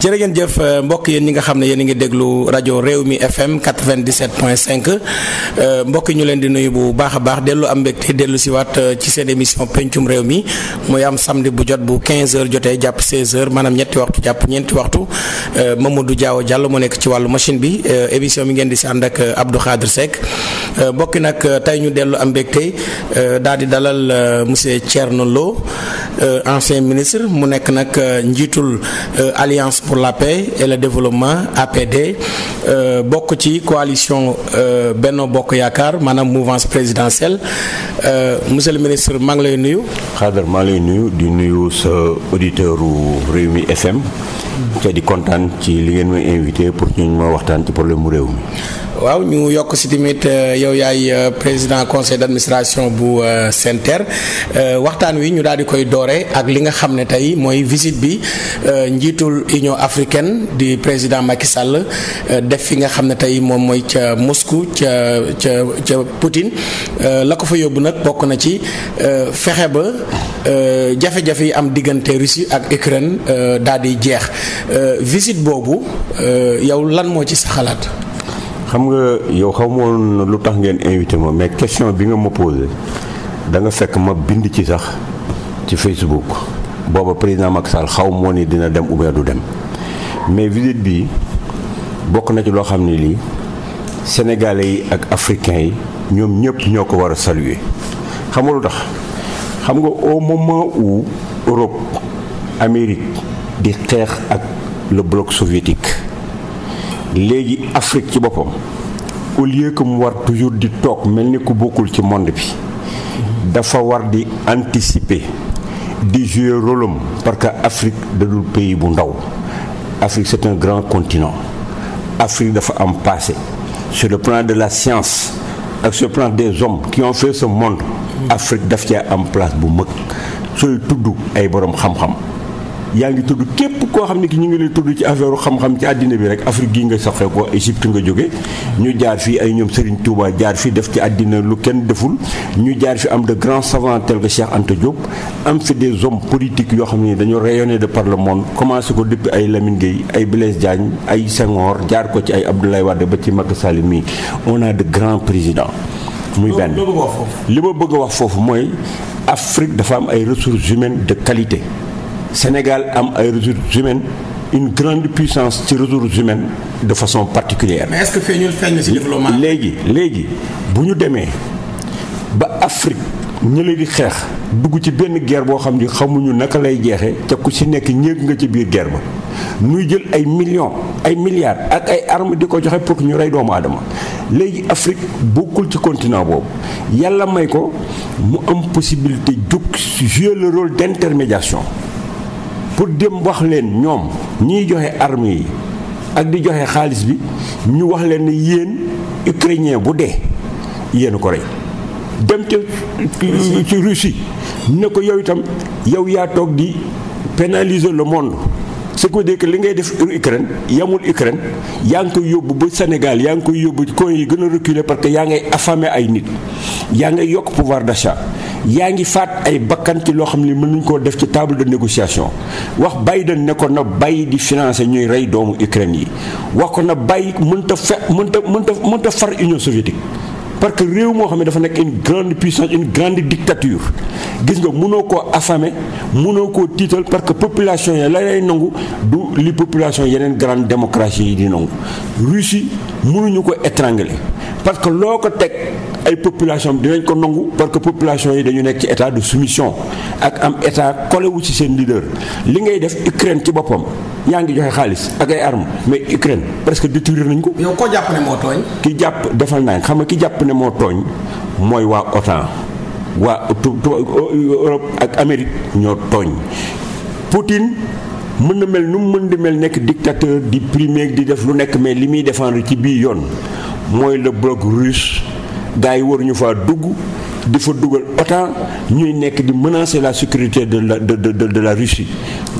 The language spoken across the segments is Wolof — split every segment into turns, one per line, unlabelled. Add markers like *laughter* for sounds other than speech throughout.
jërë ngeen jëf euh, mbokk yéen ñi nga xam ne yéen a ngi déglu rajo réew mi FM 97.5 euh, mbokk yi ñu leen di nuyu bu baax a baax dellu am mbégte dellu si waat euh, ci seen émission pencum réew mi muy am samedi bu jot bu 15h jotee jàpp 16h maanaam ñetti waxtu jàpp ñeenti waxtu Mamadou Diaw jàll moo nekk ci wàllu machine bi émission bi ngeen di si ànd ak Abdou Khadre Seck mbokk yi nag tey ñu dellu am mbégte daal di dalal monsieur Thierno Lo ancien ministre mu nekk nag njiitul alliance. pour la paix le développement APD euh, bokk ci coalition euh, Benno Bokk Yaakaar maanaam mouvance présidentielle euh, monsieur le ministre maa ngi lay nuyu.
xaadar maa ngi lay nuyu di nuyu sa auditeur u mi FM. te di kontaan ci li ngeen may invité pour ñu ma waxtaan ci problème mu réew mi.
waaw ñu yokk si tamit yow yaay président conseil d'administration bu SENTER waxtaan wi ñu daal di koy doore ak li nga xam ne tey mooy visite bi njiitul union africaine di président Macky Sall euh, def fi nga xam ne tey moom mooy ca Moscou ca ca ca Poutine euh, la ko fa yóbbu nag bokk na ci euh, fexe ba jafe-jafe yi am diggante Russie ak Ukraine daal di jeex visite boobu yow lan moo ci sa xalaat. xam nga yow
xaw ma woon lu tax ngeen invité ma mais question bi nga ma posé da nga fekk ma bind ci sax ci Facebook booba président Macky Sall xaw moo ni dina dem oubien du dem. mais visite bi bokk na ci loo xam ne lii sénégalais yi ak africains yi ñoom ñëpp ñoo ko war a saluer xam nga lu tax xam nga au moment où Europe Amérique di xeex ak le bloc soviétique léegi Afrique ci boppam au lieu que mu war toujours di toog mel ni ku bokkul ci monde bi dafa war di anticiper di jouer rôle am parce que Afrique da dul bu ndaw Afrique c'est un grand continent Afrique dafa am passé sur le plan de la science ak sur le plan des hommes qui ont fait ce monde Afrique daf cee am place bu mag sooy tudd ay boroom xam-xam yaa ngi tudd képp koo xam ne ki ñu ngi lay tudd ci affaire xam-xam ci àddina bi rek Afrique gii nga saxee ko Égypte nga jóge ñu jaar fii ay ñoom Serigne Touba jaar fi def ci àddina lu kenn deful ñu jaar fi am de grands savants tel que Cheikh Anta am fi des hommes politique yoo xam ne dañoo rayonné de par le monde commencé ko depuis ay Lamine Gueye ay Blaise Diagne ay Senghor jaar ko ci ay Abdoulaye Wade ba ci Macky Sall mii on a de grands présidents. muy benn li ma bëgg a wax foofu mooy Afrique dafa am ay ressources humaines de qualité. Sénégal am ay ressources humaines une grande puissance ci ressources humaines de façon particulière.
mais est-ce que feeñul feeñ ci développement.
léegi léegi bu ñu demee ba Afrique ñële di xeex dugg ci benn guerre boo xam ni xamuñu naka lay jeexee te ku ci nekk ñéeg nga ci biir guerre ba nuy jël ay millions ay milliards ak ay armes di ko joxe pour ñu rey doomu aadama léegi Afrique bokkul ci continent boobu yàlla may ko mu am possibilité jóg jouer le rôle d'intermédiation. pour dem wax leen ñoom ñiy joxe armes yi ak di joxe xaalis bi ñu wax leen ne yéen ukrainien bu dee yéen ko rey dem ca ci Russie ne ko yow itam yow yaa toog di pénaliser le monde ce qui li ngay def Ukraine yamul Ukraine yaa nga koy yóbbu ba Sénégal yaa ngi koy yóbbu coin yi gën a reculer parce que yaa ngay affamer ay nit yaa ngay yokk pouvoir d'achat yaa ngi faat ay bakkan ci loo xam ne mënuñ koo def ci table de négociation wax Biden ne ko na bàyyi di financer ñuy rey doomu Ukraine yi wax ko na bàyyi mënta fe mënta mënta mënta far Union soviétique parce que réew moo xam ne dafa nekk une grande puissance une grande dictature gis nga mënoo koo affamer mënoo koo tiital parce que population ya la lay nangu li population yeneen grande démocratie yi di nangu Russie mënuñu ko étrangler parce que loo ko teg ay population bi dinañ ko nangu parce que population yi dañu nekk ci état de soumission ak am état collé wu ci seen leader li ngay def Ukraine ci boppam yaa ngi joxe xaalis ak ay armes mais Ukraine presque détruire nañ ko. yow ko jàpp ne moo tooñ. ki jàpp defal naa xam nga ki jàpp ne moo tooñ mooy waa OTAN waa Europe ak Amérique ñoo tooñ mën na mel nu mu mën di mel nekk dictateur di primer di def lu nekk mais li muy défendre ci biir yoon mooy le bloc russe gars yi waruñu faa dugg di fa dugal OTAN ñuy nekk di menacer la sécurité de la de de de la Russie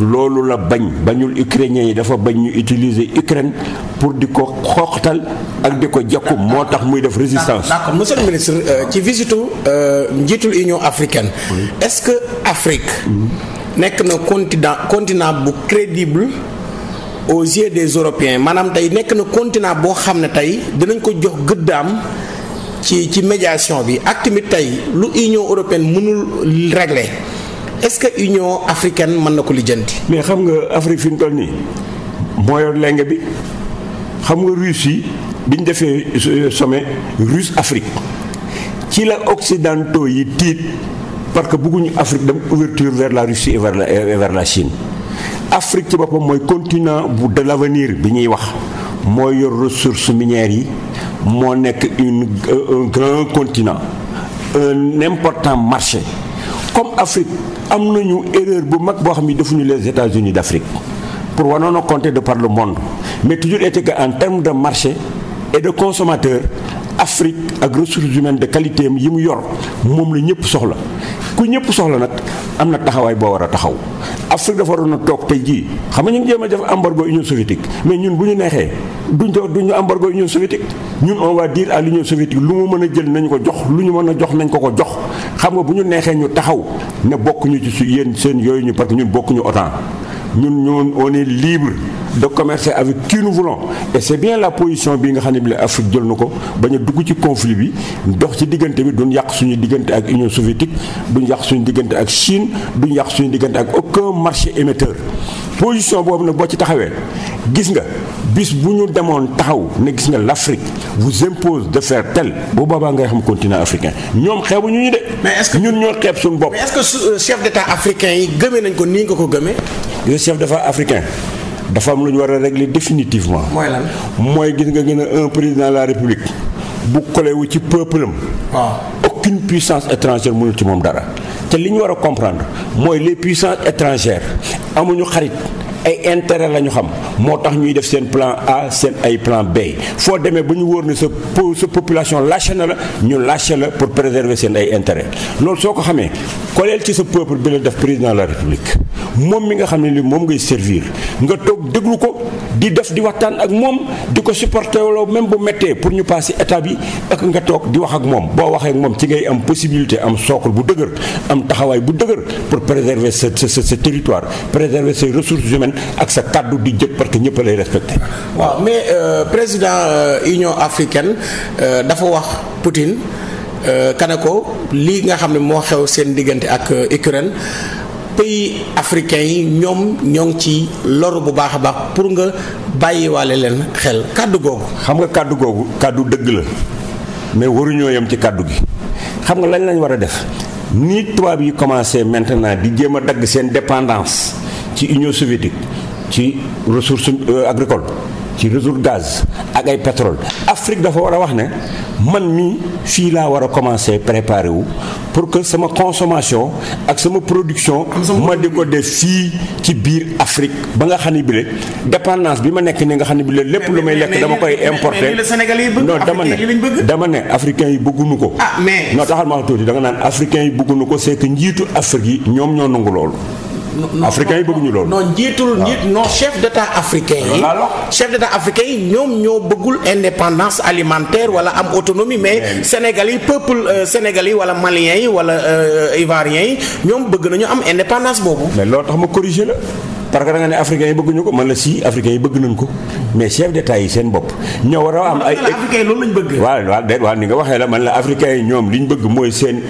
loolu la bañ bañul ukrainien yi dafa bañ ñu utiliser Ukraine pour di ko xooxtal ak di ko jàkku moo tax muy def
résistance. d'accord monsieur le ministre euh, ci visitu euh, njiitul Union africaine. est-ce que Afrique. Mm-hmm. nekk na continent continent bu crédible aux yeux des européens maanaam tey nekk na continent boo xam ne tey dinañ ko jox gëddaam ci ci médiation bi ak tey lu Union européenne mënul régler est-ce que Union africaine mën na ko lijjanti. mais xam nga Afrique fi mu toll nii
moo yor lenge bi xam nga Russie bi ñu defee some Russe Afrique ci la occidentaux yi tiit. parce que bëgguñu Afrique dem ouverture vers la Russie et vers la et vers la Chine Afrique ci boppam mooy continent bu de l' avenir bi ñuy wax mooy yor ressources minières yi moo nekk une euh, un grand continent un important marché comme Afrique am nañu erreur bu mag boo xam ni defuñu les États-Unis d' Afrique pour wanoon a compter de par le monde mais toujours été en termes de marché et de consommateur Afrique ak ressources humaines de qualité am yi mu yor moom la ñëpp soxla ku ñëpp soxla nag am na taxawaay boo war a taxaw Afrique dafa waroon a toog tey jii xam nga ñu ngi jéem a def embargo Union soviétique mais ñun bu ñu neexee duñ ko duñu embargo Union soviétique ñun on va dire à l'Union soviétique lu mu mën a jël nañu ko jox lu ñu mën a jox nañ ko ko jox xam nga bu ñu neexee ñu taxaw ne bokkuñu ci yéen seen yooyu ñu parce que ñun bokkuñu OTAN ñun on est libre de commercer avec qui nous voulons et bien la position bi nga xam ne bi la Afrique jël na ko bañ a dugg ci conflit bi dox ci diggante bi duñ yàq suñu diggante ak Union soviétique duñ yàq suñu diggante ak Chine duñ yàq suñu diggante ak aucun marché émetteur position boobu nag boo ci taxawee gis nga bis bu ñu demoon taxaw ne gis nga l'Afrique vous impose de faire tel bu boobaa ngay xam continent africain ñoom xeebuñu ñu de. mais est-ce que ñun ñoo xeeb suñu bopp. mais est-ce que euh, chef d'État africain ko nii nga ko gëmee. gis nga chef d'État africain dafa am lu ñu war a régler définitivement. mooy lan mooy gis nga gën a un président la république bu collé wu ci peuple am. waaw aucune puissance étrangère mënul ci moom dara te li ñu war a comprendre mooy les puissances étrangères amuñu xarit. ay intérêt la ñu xam moo tax ñuy def seen plan A seen ay plan B foo demee ba ñu wóor ne sa sa population lâché na la ñu lâché la pour préserver seen ay intérêt loolu soo ko xamee koleel ci sa peuple bi la def président la république moom mi nga xam ne li moom ngay servir nga toog déglu ko di def di waxtaan ak moom di ko supporter wala même bu méttee pour ñu passer étape yi ak nga toog di wax ak moom boo waxee ak moom ci ngay am possibilité am socle bu dëgër am taxawaay bu dëgër pour préserver sa sa sa ak sa kàddu di jëpp parce que ñëpp lay respecté.
waaw mais euh, président euh, Union africaine euh, dafa wax Poutine kane euh, ko lii nga xam ne moo xew seen diggante ak euh, Ukraine. pays africains yi ñoom ñoo ngi ci loru bu baax a baax pour nga bàyyiwaale leen xel kàddu googu. xam nga kàddu googu kàddu dëgg la
mais waruñoo yem ci kàddu gi xam nga lañ lañ war a def nii tubaab yi commencé maintenant di jéem a dagg seen dépendance. ci Union soviétique ci ressource agricole ci ressource gaz ak ay pétrole Afrique dafa war a wax ne man mii fii laa war a commencer préparer wu pour que sama consommation ak sama production ma di ko def fii ci biir Afrique ba nga xam ne bi dépendance bi ma nekk ni nga xam ne bi lépp lu may lekk dama koy importer non dama ne dama ne africain yi bëgguñu ko non taxal ma tuuti da nga naan africain yi bëgguñu ko c'est que njiitu Afrique
yi ñoom ñoo nangu loolu africain yi
bëgguñu loolu. non
njiitul ah. njiit non chef d' état africain yi. chef d' état yi ñoom ñoo bëggul indépendance alimentaire wala am autonomie mais Sénégal yi peuple euh, Sénégal yi wala Malien yi wala euh, Ivoirien yi ñoom bëgg nañu am indépendance boobu.
mais loolu tax ma corriger
la. parce que da nga ne africains yi bëgguñu ko
man la si africains yi bëgg nañ ko mais chef d'état yi seen bopp ñoo war a am ay africains loolu lañ bëgg waaw waaw déet ni nga waxee la man la africains yi ñoom li ñu bëgg mooy seen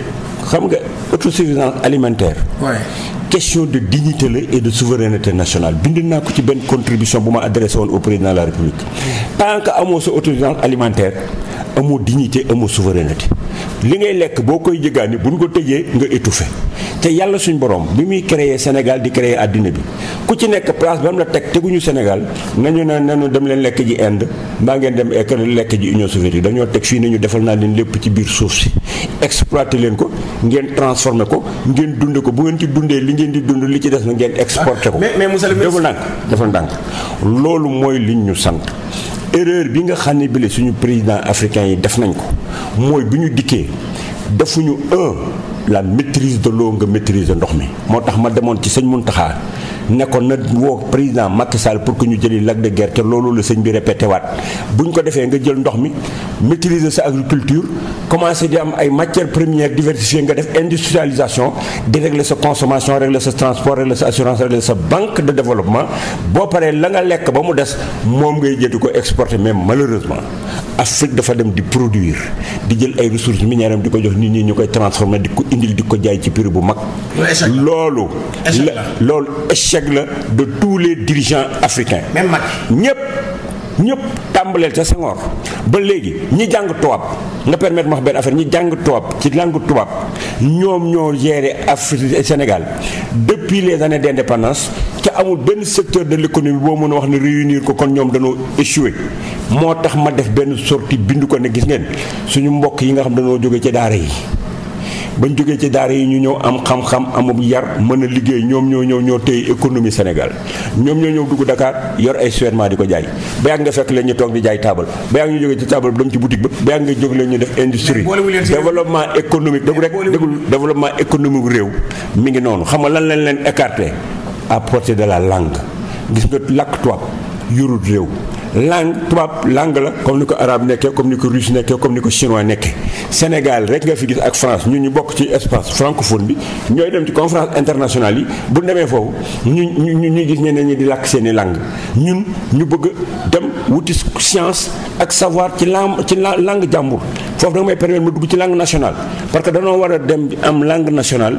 xam nga autosuffisance alimentaire. Ouais. question de dignité la et de souveraineté nationale bind naa ko ci benn contribution bu ma adressé woon au président de la république tant que amoo sa autosuffisance alimentaire. amoo dignité amoo souveraineté li ngay lekk boo koy jëggaani bu ñu ko tëjee nga étouffé te yàlla suñ borom bi muy créer Sénégal di créer àddina bi ku ci nekk place ba mu la teg teguñu Sénégal nañu ne nañu dem leen lekk ji Inde mbaa ngeen dem ek lekk ji Union soviétique dañoo teg fii nañu defal naa leen lépp ci biir suuf si exploité leen ko ngeen transformé ko ngeen dund ko bu ngeen ci dundee li ngeen di dund li ci des na ngeen exporté ko ah, defal ndànk defal ndànk loolu mooy liñ ñu erreur bi nga xam ne bile suñu président africain yi def nañ ko mooy bu ñu dikkee defuñu un la maîtrise de l'eau nga maîtrise ndox mi moo tax ma demoon ci sëñ Muntaxa ne ko na woo président Macky Sall pour que ñu jëli Lac de Guiers te loolu la sëñ bi répété waat bu ko defee nga jël ndox mi maîtriser sa agriculture commencé di am ay matière premières diversifiées nga def industrialisation di régler sa consommation régler sa transport régler sa assurance régler sa banque de développement boo paree la nga lekk ba mu des moom ngay jëndi ko exporter mais malheureusement Afrique dafa dem di produire di jël ay ressources minières am di ko jox nit ñi ñu koy transformer di ko indil di ko jaay ci prix bu mag. loolu. échec de tous les dirigeants africains. même Macky ñëpp ñëpp tàmbaleel ca Senghor ba léegi ñi jàng tubaab nga permettre ma wax benn affaire ñi jàng tubaab ci jàng tubaab ñoom ñoo géré Afrique Sénégal depuis les années d'indépendance ca amul benn secteur de l'économie boo mën a wax ne réunir ko kon ñoom dañoo échoué moo tax ma def benn sortie bindu ko ne gis ngeen suñu mbokk yi nga xam dañoo jóge ci daara yi. bañ jógee ci daar yi ñu ñëw am xam-xam amub yar mën a liggéey ñoom ñoo ñëw ñoo téye économie Sénégal ñoom ñoo ñëw dugg Dakar yor ay survêtement di ko jaay ba yàgg nga fekk leen ñu toog di jaay taabal ba yàgg ñu jógee ci taabal ba dem ci boutique ba ba yàgg nga jóg leen ñu def industrie développement économique déglu rek déglu développement économique réew mi ngi noonu xam nga lan lañ leen écarté à portée de la langue gis nga lakk tubaab yorut réew langue tubaab langue la comme ni ko arabe nekkee comme ni ko russe nekkee comme ni ko chinois nekkee Sénégal rek nga fi gis ak France ñun ñu bokk ci espace francophone bi ñooy dem ci conférence internationale yi bu demee foofu ñu ñu ñu ñu gis ñeneen ñi di làkk seeni langue ñun ñu bëgg dem wuti science ak savoir ci langue ci langue jàmbur foofu da nga may permettre ma dugg ci langue nationale parce que danoo war a dem am langue nationale.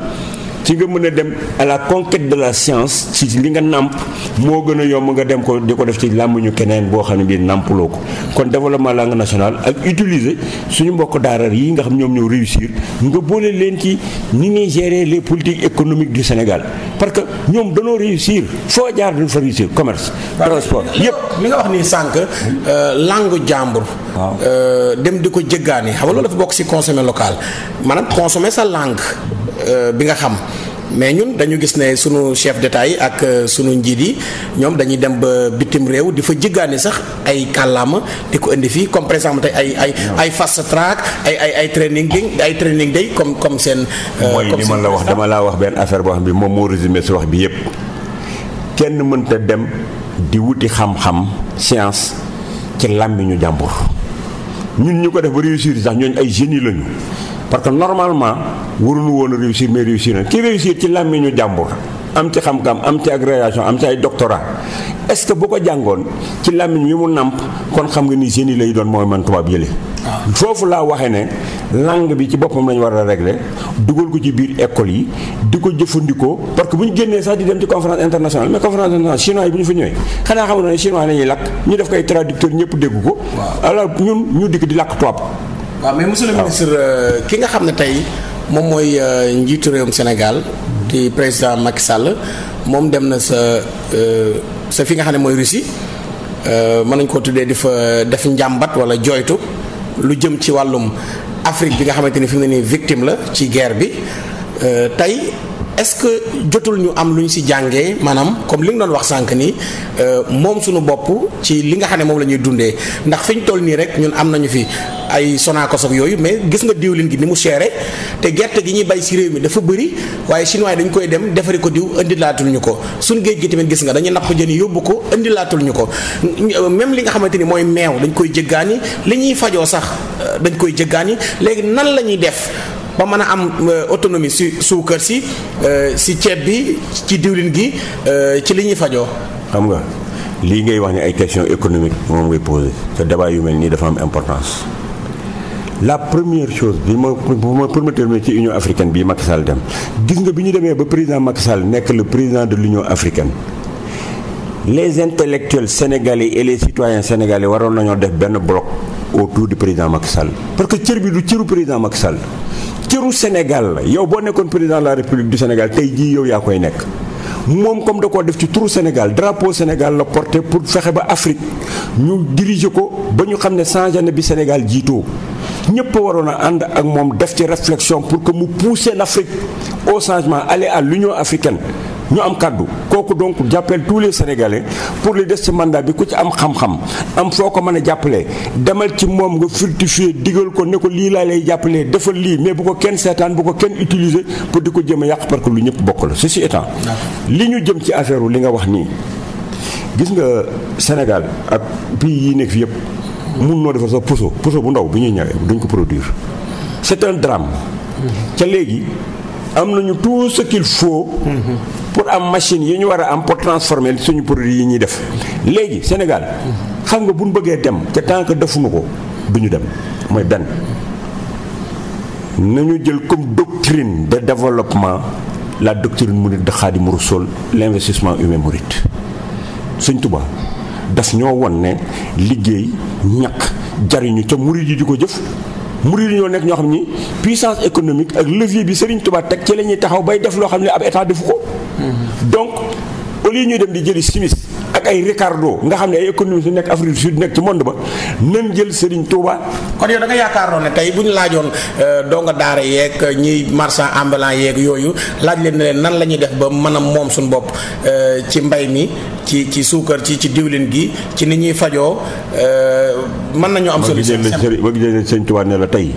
ci nga mën a dem à la conquête de la science ci li nga nàmp moo gën a yomb nga dem ko di ko def ci làmmiñu keneen boo xam ne bii nàmpuloo ko kon développement langue national ak utiliser suñu mbokk daara yi nga xam ñoom ñoo réussir nga boole leen ci ni ñuy le les politiques économiques du Sénégal parce que ñoom danoo réussir foo jaar dañu fa réussir commerce transport
yépp li nga wax ni sànq euh, langue jàmbur euh, dem di ko jëggaani xam nga loolu dafa bokk ci consommer local maanaam consommer sa langue euh, bi nga xam mais ñun dañu gis ne suñu chef d'État yi ak euh, suñu njiit yi ñoom dañuy dem ba bitim réew di fa jéggaane sax ay kàllaama di ko indi fii comme par exemple ay ay ay fast track ay ay ay training day ay training day comme comme seen. Euh, mooy li ma la wax dama
laa wax benn affaire boo xam bi moom moo résumé si wax bi yépp kenn mënta dem di wuti xam-xam science ci làmmiñu jàmbur ñun ñu ko def ba réussir sax ñooñu ay génie lañu. parce que normalement waruñu woon a réussir mais réussir na ki réussir ci làmmiñu jàmbur am ci xam-xam am ci agrégation am ci ay doctorat est-ce que bu ko jàngoon ci làmmiñ wi mu nàmp kon xam nga ni génie lay doon mooy man tubaab yële ah. foofu laa waxee ne langue bi ci boppam lañu war a régler dugal ko ci biir école yi di ko jëfandikoo parce que bu ñu génnee sax di dem ci conférence internationale mais conférence internationale chinois yi bu ñu fa ñëwee xanaa
lañuy lakk ñu def koy traducteur ñëpp dégg ko alors ñun ñu dikk di lakk tubaab waa mais monsieur le ministre euh, ki nga xam ne tey moom mooy euh, njiitu réewum Sénégal di président Macky Sall moom dem na sa euh, sa fi nga xam ne mooy Russie mën nañ koo tuddee di fa def njàmbat wala jooytu lu jëm ci wàllum Afrique bi nga xamante ni fi mu nii victim la ci guerre bi tey est-ce que jotul ñu am lu ñu si jàngee maanaam comme li nga doon wax sànq ni euh, moom suñu bopp ci li nga xam ne moom la ñuy dundee ndax fi ñu toll nii rek ñun am nañu fi ay Sonacos ak yooyu mais gis nga diwlin gi ni mu seere te gerte gi ñuy bay si réew mi dafa bëri waaye chinois dañ koy dem defari ko diw indilaatul ñu ko suñ géej gi tamit gis nga dañuy napp jën yóbbu ko indilaatul ñu ko même li nga xamante ni mooy meew dañ koy jëggaani li ñuy fajoo sax euh, dañ koy jëggaani léegi nan la ñuy def ba mën a am euh, autonomie si suukar si euh, si ceeb bi ci diwlin gi euh, ci li ñuy fajoo.
xam nga lii ngay wax ni ay questions économiques moom ngay posé te débat yu mel nii dafa am importance la première chose bi ma ma permettre ma ci Union africaine bii Macky Sall dem gis nga bi ñu demee ba président Macky Sall nekk le président de l'Union africaine. les intellectuels sénégalais et les citoyens sénégalais waroon nañoo def benn bloc autour du président Macky Sall parce que cër bi du cëru président Macky cëru Sénégal yow boo nekkoon président la République du Sénégal tey jii yow yaa koy nekk moom comme da koo def ci turu Sénégal drapeau Sénégal la porté pour fexe ba Afrique ñu diriger ko ba ñu xam ne changé na bi Sénégal jiitoo ñëpp waroon a ànd ak moom def ci réflexion pour que mu pousser l'Afrique au changement aller lu l'Union africaine ñu am kàddu kooku donc jàppale tous les sénégalais pour li des ci mandat bi ku ci am xam-xam am foo ko mën a jàppalee demal ci moom nga fructifier digal ko ne ko lii laa lay jàppalee defal lii mais bu ko kenn seetaan bu ko kenn utiliser pour di ko jëm a yàq parce lu ñëpp bokk la ceci étant li ñu jëm ci affaire li nga wax nii gis nga Sénégal ak pays yi nekk fi yëpp mun noo defar sax puso puso bu ndaw bi ñuy ñëwee duñ ko produire c'est un drame mm-hmm. ca léegi am nañu tout ce qu'il pour am machine yi ñu war a am pour transformer suñu produit yi ñuy def léegi Sénégal xam nga bu ñu bëggee dem te tant que defuñu ko du ñu dem mooy benn nañu jël comme doctrine de développement la doctrine mu de Khadimou Rassoul l'investissement humain mouride Sëñ Tuubaa daf ñoo won ne liggéey ñàkk jariñu ca murid yi di ko jëf murid yi ñoo nekk ñoo xam ni puissance économique ak levier bi Sëriñ tubaat teg ci la ñuy taxaw bay def loo xam ne ab état defu ko donc au lieu ñuy dem di jëli simis ay Ricardo nga xam
ne ay économistes yu nekk Afrique du Sud nekk ci monde ba nan jël Serigne Touba. kon yow da nga yaakaaroon ne tey bu ñu laajoon euh, donga daara yeeg euh, ñiy marchand ambulant yeeg yooyu laaj leen ne leen nan la ñuy def ba mën a moom suñu bopp euh, ci mbay mi ci ci suukar ci ci diwlin gi ci ni ñuy fajoo mën nañu am. solution ba
gisee Serigne Touba ne la tey.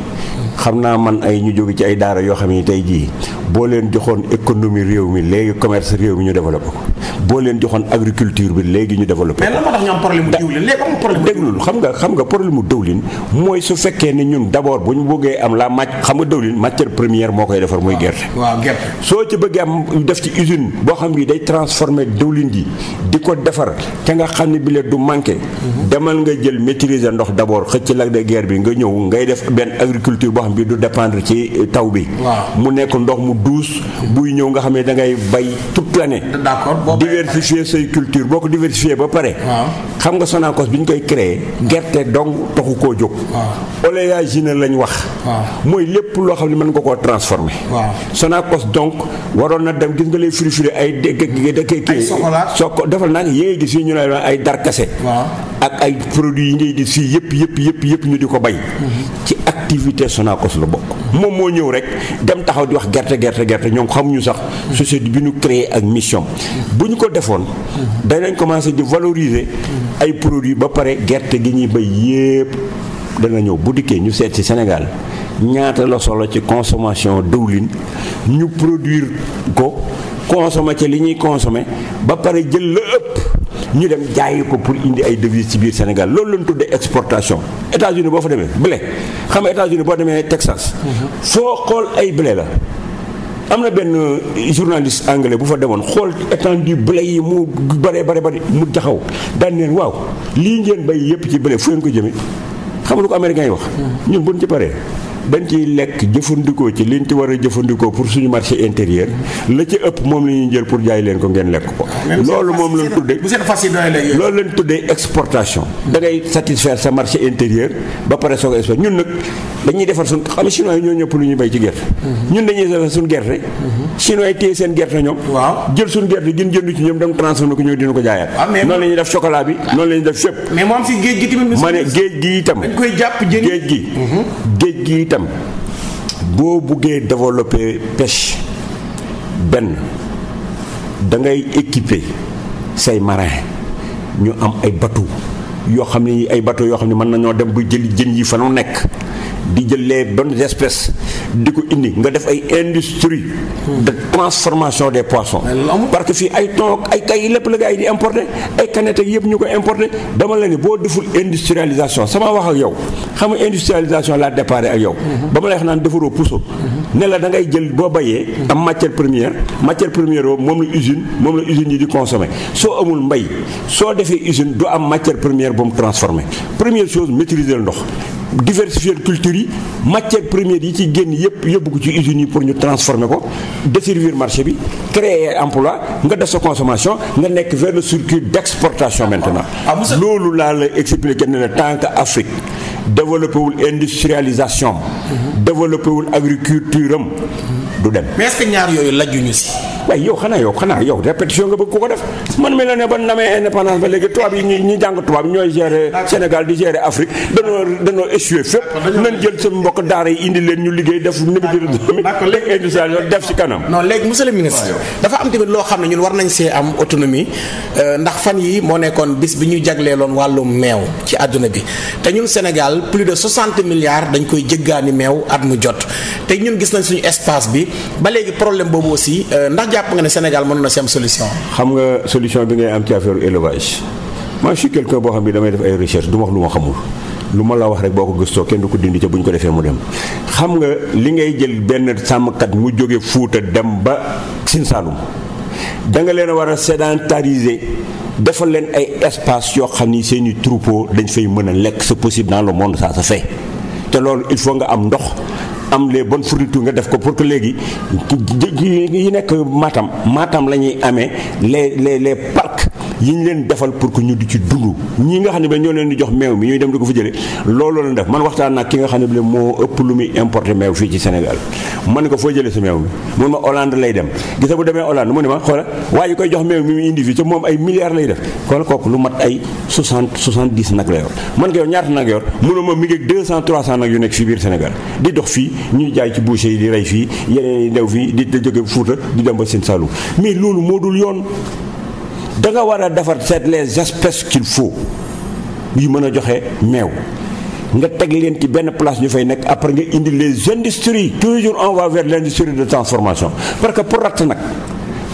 xam naa man ay ñu jóge ci ay daara yoo xam ne tey jii boo leen joxoon économie réew mi léegi commerce réew mi ñu développé ko. boo leen joxoon agriculture bi léegi ñu développé. mais lan problème mu diwlin léegi amul xam nga xam nga problème mu diwlin mooy su fekkee ni ñun d' abord bu ñu bëggee am la màcc xam nga dawlin matière première moo koy defar muy gerte. waaw gerte soo ci bëggee am def ci usine boo xam ni day transformer diwlin ji di ko defar te nga xam ne bi la du manqué. Mhm. demal nga jël maîtriser ndox d' abord xëcc la de guerre bi nga ñëw ngay def benn agriculture boo xam bi du dépendre ci euh, taw bi. mu nekk ndox mu duus mhm. buy ñëw nga xam ne da ngay bay toute diversifier say culture boo ko diversifier ba pare. xam nga Sonacos bi ñu koy créer gerte dong taxu koo jóg. oléagineux lañu wax. mooy lépp loo xam ne mën nga koo transformer. Sonacos donc waroon na dem gis nga lay firi firi ay dëkk ay soxla soo ko defal naa yéen gis yi ñu ne ay darkase. ak ay produits yi ngay gis fii yëpp yëpp yëpp yëpp ñu di ko bay. Mm-hmm. ci activité Sonacos la bokk. moom moo ñëw rek dem taxaw di wax gerte gerte gerte ñoom xamuñu sax société bi ñu créer ak mission bu ñu ko defoon danañ commencé di valoriser ay produits ba pare gerte gi ñuy béy yépp dana ñëw bu dikkee ñu seet ci Sénégal ñaata la solo ci consommation dëwlin ñu produire ko consommer ca li ñuy consommer ba pare jël la ëpp ñu dem jaayi ko pour indi ay devises ci biir Sénégal loolu lañ tuddee exportation États-Unis boo fa demee blé xam nga États-Unis boo demee Texas. foo xool ay blé la. am na benn journaliste anglais bu fa demoon xool étendue blé yi mu bare bare mu jaxaw daan neen waaw lii ngeen bay yépp ci blé fu ngeen ko jëmee xam lu ko américains wax. Hmm. ñun buñ bañ ciy lekk jëfandikoo ci liñ ci war a jëfandikoo pour suñu marché intérieur la ci ëpp moom la ñuy jël pour jaay leen ko ngeen lekk ko. loolu moom lañ
tuddee loolu
lañ tuddee ba pare soog a export ñun nag dañuy defar suñ xam chinois yi ñoo ñëpp lu ñuy bay ci gerte. ñun dañuy defar suñ gerte. chinois yi seen gerte ñoom. jël suñ gerte gën jënd ci ñoom dem transformé ko ñëw dina ko jaayaat. Ah, noonu la ñuy def chocolat bi ah. noonu la ñuy def fépp. ma ne géej gi mhm. itam. géej gi. géej itam boo buggee développer pêche benn da ngay équiper say marin ñu am ay battu yoo xam ne ay bateau yoo xam ne mën nañoo dem bu jëli jën yi fa nu nekk di jël les bonnes espèces di ko indi nga def ay industrie de transformation des poissons. parce que fii ay ton ay kay lépp la gars yi di importer ay canettes ak yëpp ñu ko importer dama la ni boo deful industrialisation sama wax ak yow xam nga industrialisation laa déparé ak yow. Mhm. ba ma lay wax naan defaroo puso. Mhm. ne la da ngay jël boo bayee. Mhm. am matière première matière première boobu moom la usine moom la usine yi di consommer soo amul mbay soo defee usine du am matière première. matière ba mu transformé première chose maîtriser ndox diversifier culture yi matière première yi ci génn yëpp yóbbu ko ci usines yi pour ñu transformer ko desservir marché bi créer emploi nga def sa consomation nga nekk vers le circuit d' exportation maintenant. Ah, ah, loolu laa la expliqué ne la tant que Afrique. développé wul industrialisation développé wul agriculture am du dem. mais est-ce que ñaar yooyu lajuñu si. waaye yow xanaa yow xanaa yow répétition nga bëgg ko ko def man mi la ne ba namee indépendance ba léegi tubaab yi ñu jàng tubaab ñooy gérer Sénégal di gérer Afrique danoo danoo échoué fépp. nañ jël sa mbokk
daara yi indi leen ñu liggéey def. d'accord léegi industrialisation def si kanam. non léegi monsieur le ministre. dafa am tamit loo xam ne ñun war nañ see am autonomie euh, ndax fan yi moo nekkoon bis bi ñu jagleeloon wàllum meew ci àdduna bi te ñun Sénégal Sénégal plus de 60 milliards dañ koy jëggaani meew at mu jot te ñun gis nañ suñu espace bi ba léegi problème boobu aussi euh, ndax jàpp nga ne Sénégal mënoon na si am solution.
xam nga solution bi ngay am ci affaire élevage moi je suis boo xam ne damay def ay recherche du ma lu ma xamul. lu ma la wax rek boo ko gëstoo kenn du ko dindi ca buñ ko defee mu dem xam nga li ngay jël benn sàmmkat mu jóge Fuuta dem ba Sine da nga leen a war a sédentariser defal leen ay espace yoo xam ni seen i troupeau dañ fay mën a lekk c'est possible dans le monde ça se fait te loolu il faut nga am ndox am les bonnes fournitures nga def ko pour que léegi yi nekk Matam maatam la ñuy amee les les les yi ñu leen defal pour que ñu di ci dund ñi nga xam ne ba ñoo leen di jox meew mi ñuy dem di ko fi jëlee loolu la def man waxtaan naa ki nga xam ne bi moo ëpp lu muy importé meew fii ci Sénégal man ko foo jëlee sa meew mi lay dem gis nga bu demee Hollande mu ne ma xoola waa ji koy jox meew mi mu indi fii ca moom ay milliards lay def xoola kooku lu mat ay 60 70 nag la yor man ko yow ñaata nag yor mënoo ma mi ngi 200 nag yu nekk fii biir Sénégal di dox fii ñuy jaay ci boucher yi di rey fii yeneen yi ndew fii di jóge Fuuta di dem ba Sine mais loolu moo dul yoon da nga war a defar seet les espèces qu'il faut yu mën a joxe meew nga teg leen ci benn place ñu fay nekk après nga indi les industries toujours on va vers l' industrie de transformation parce que pour ratt nag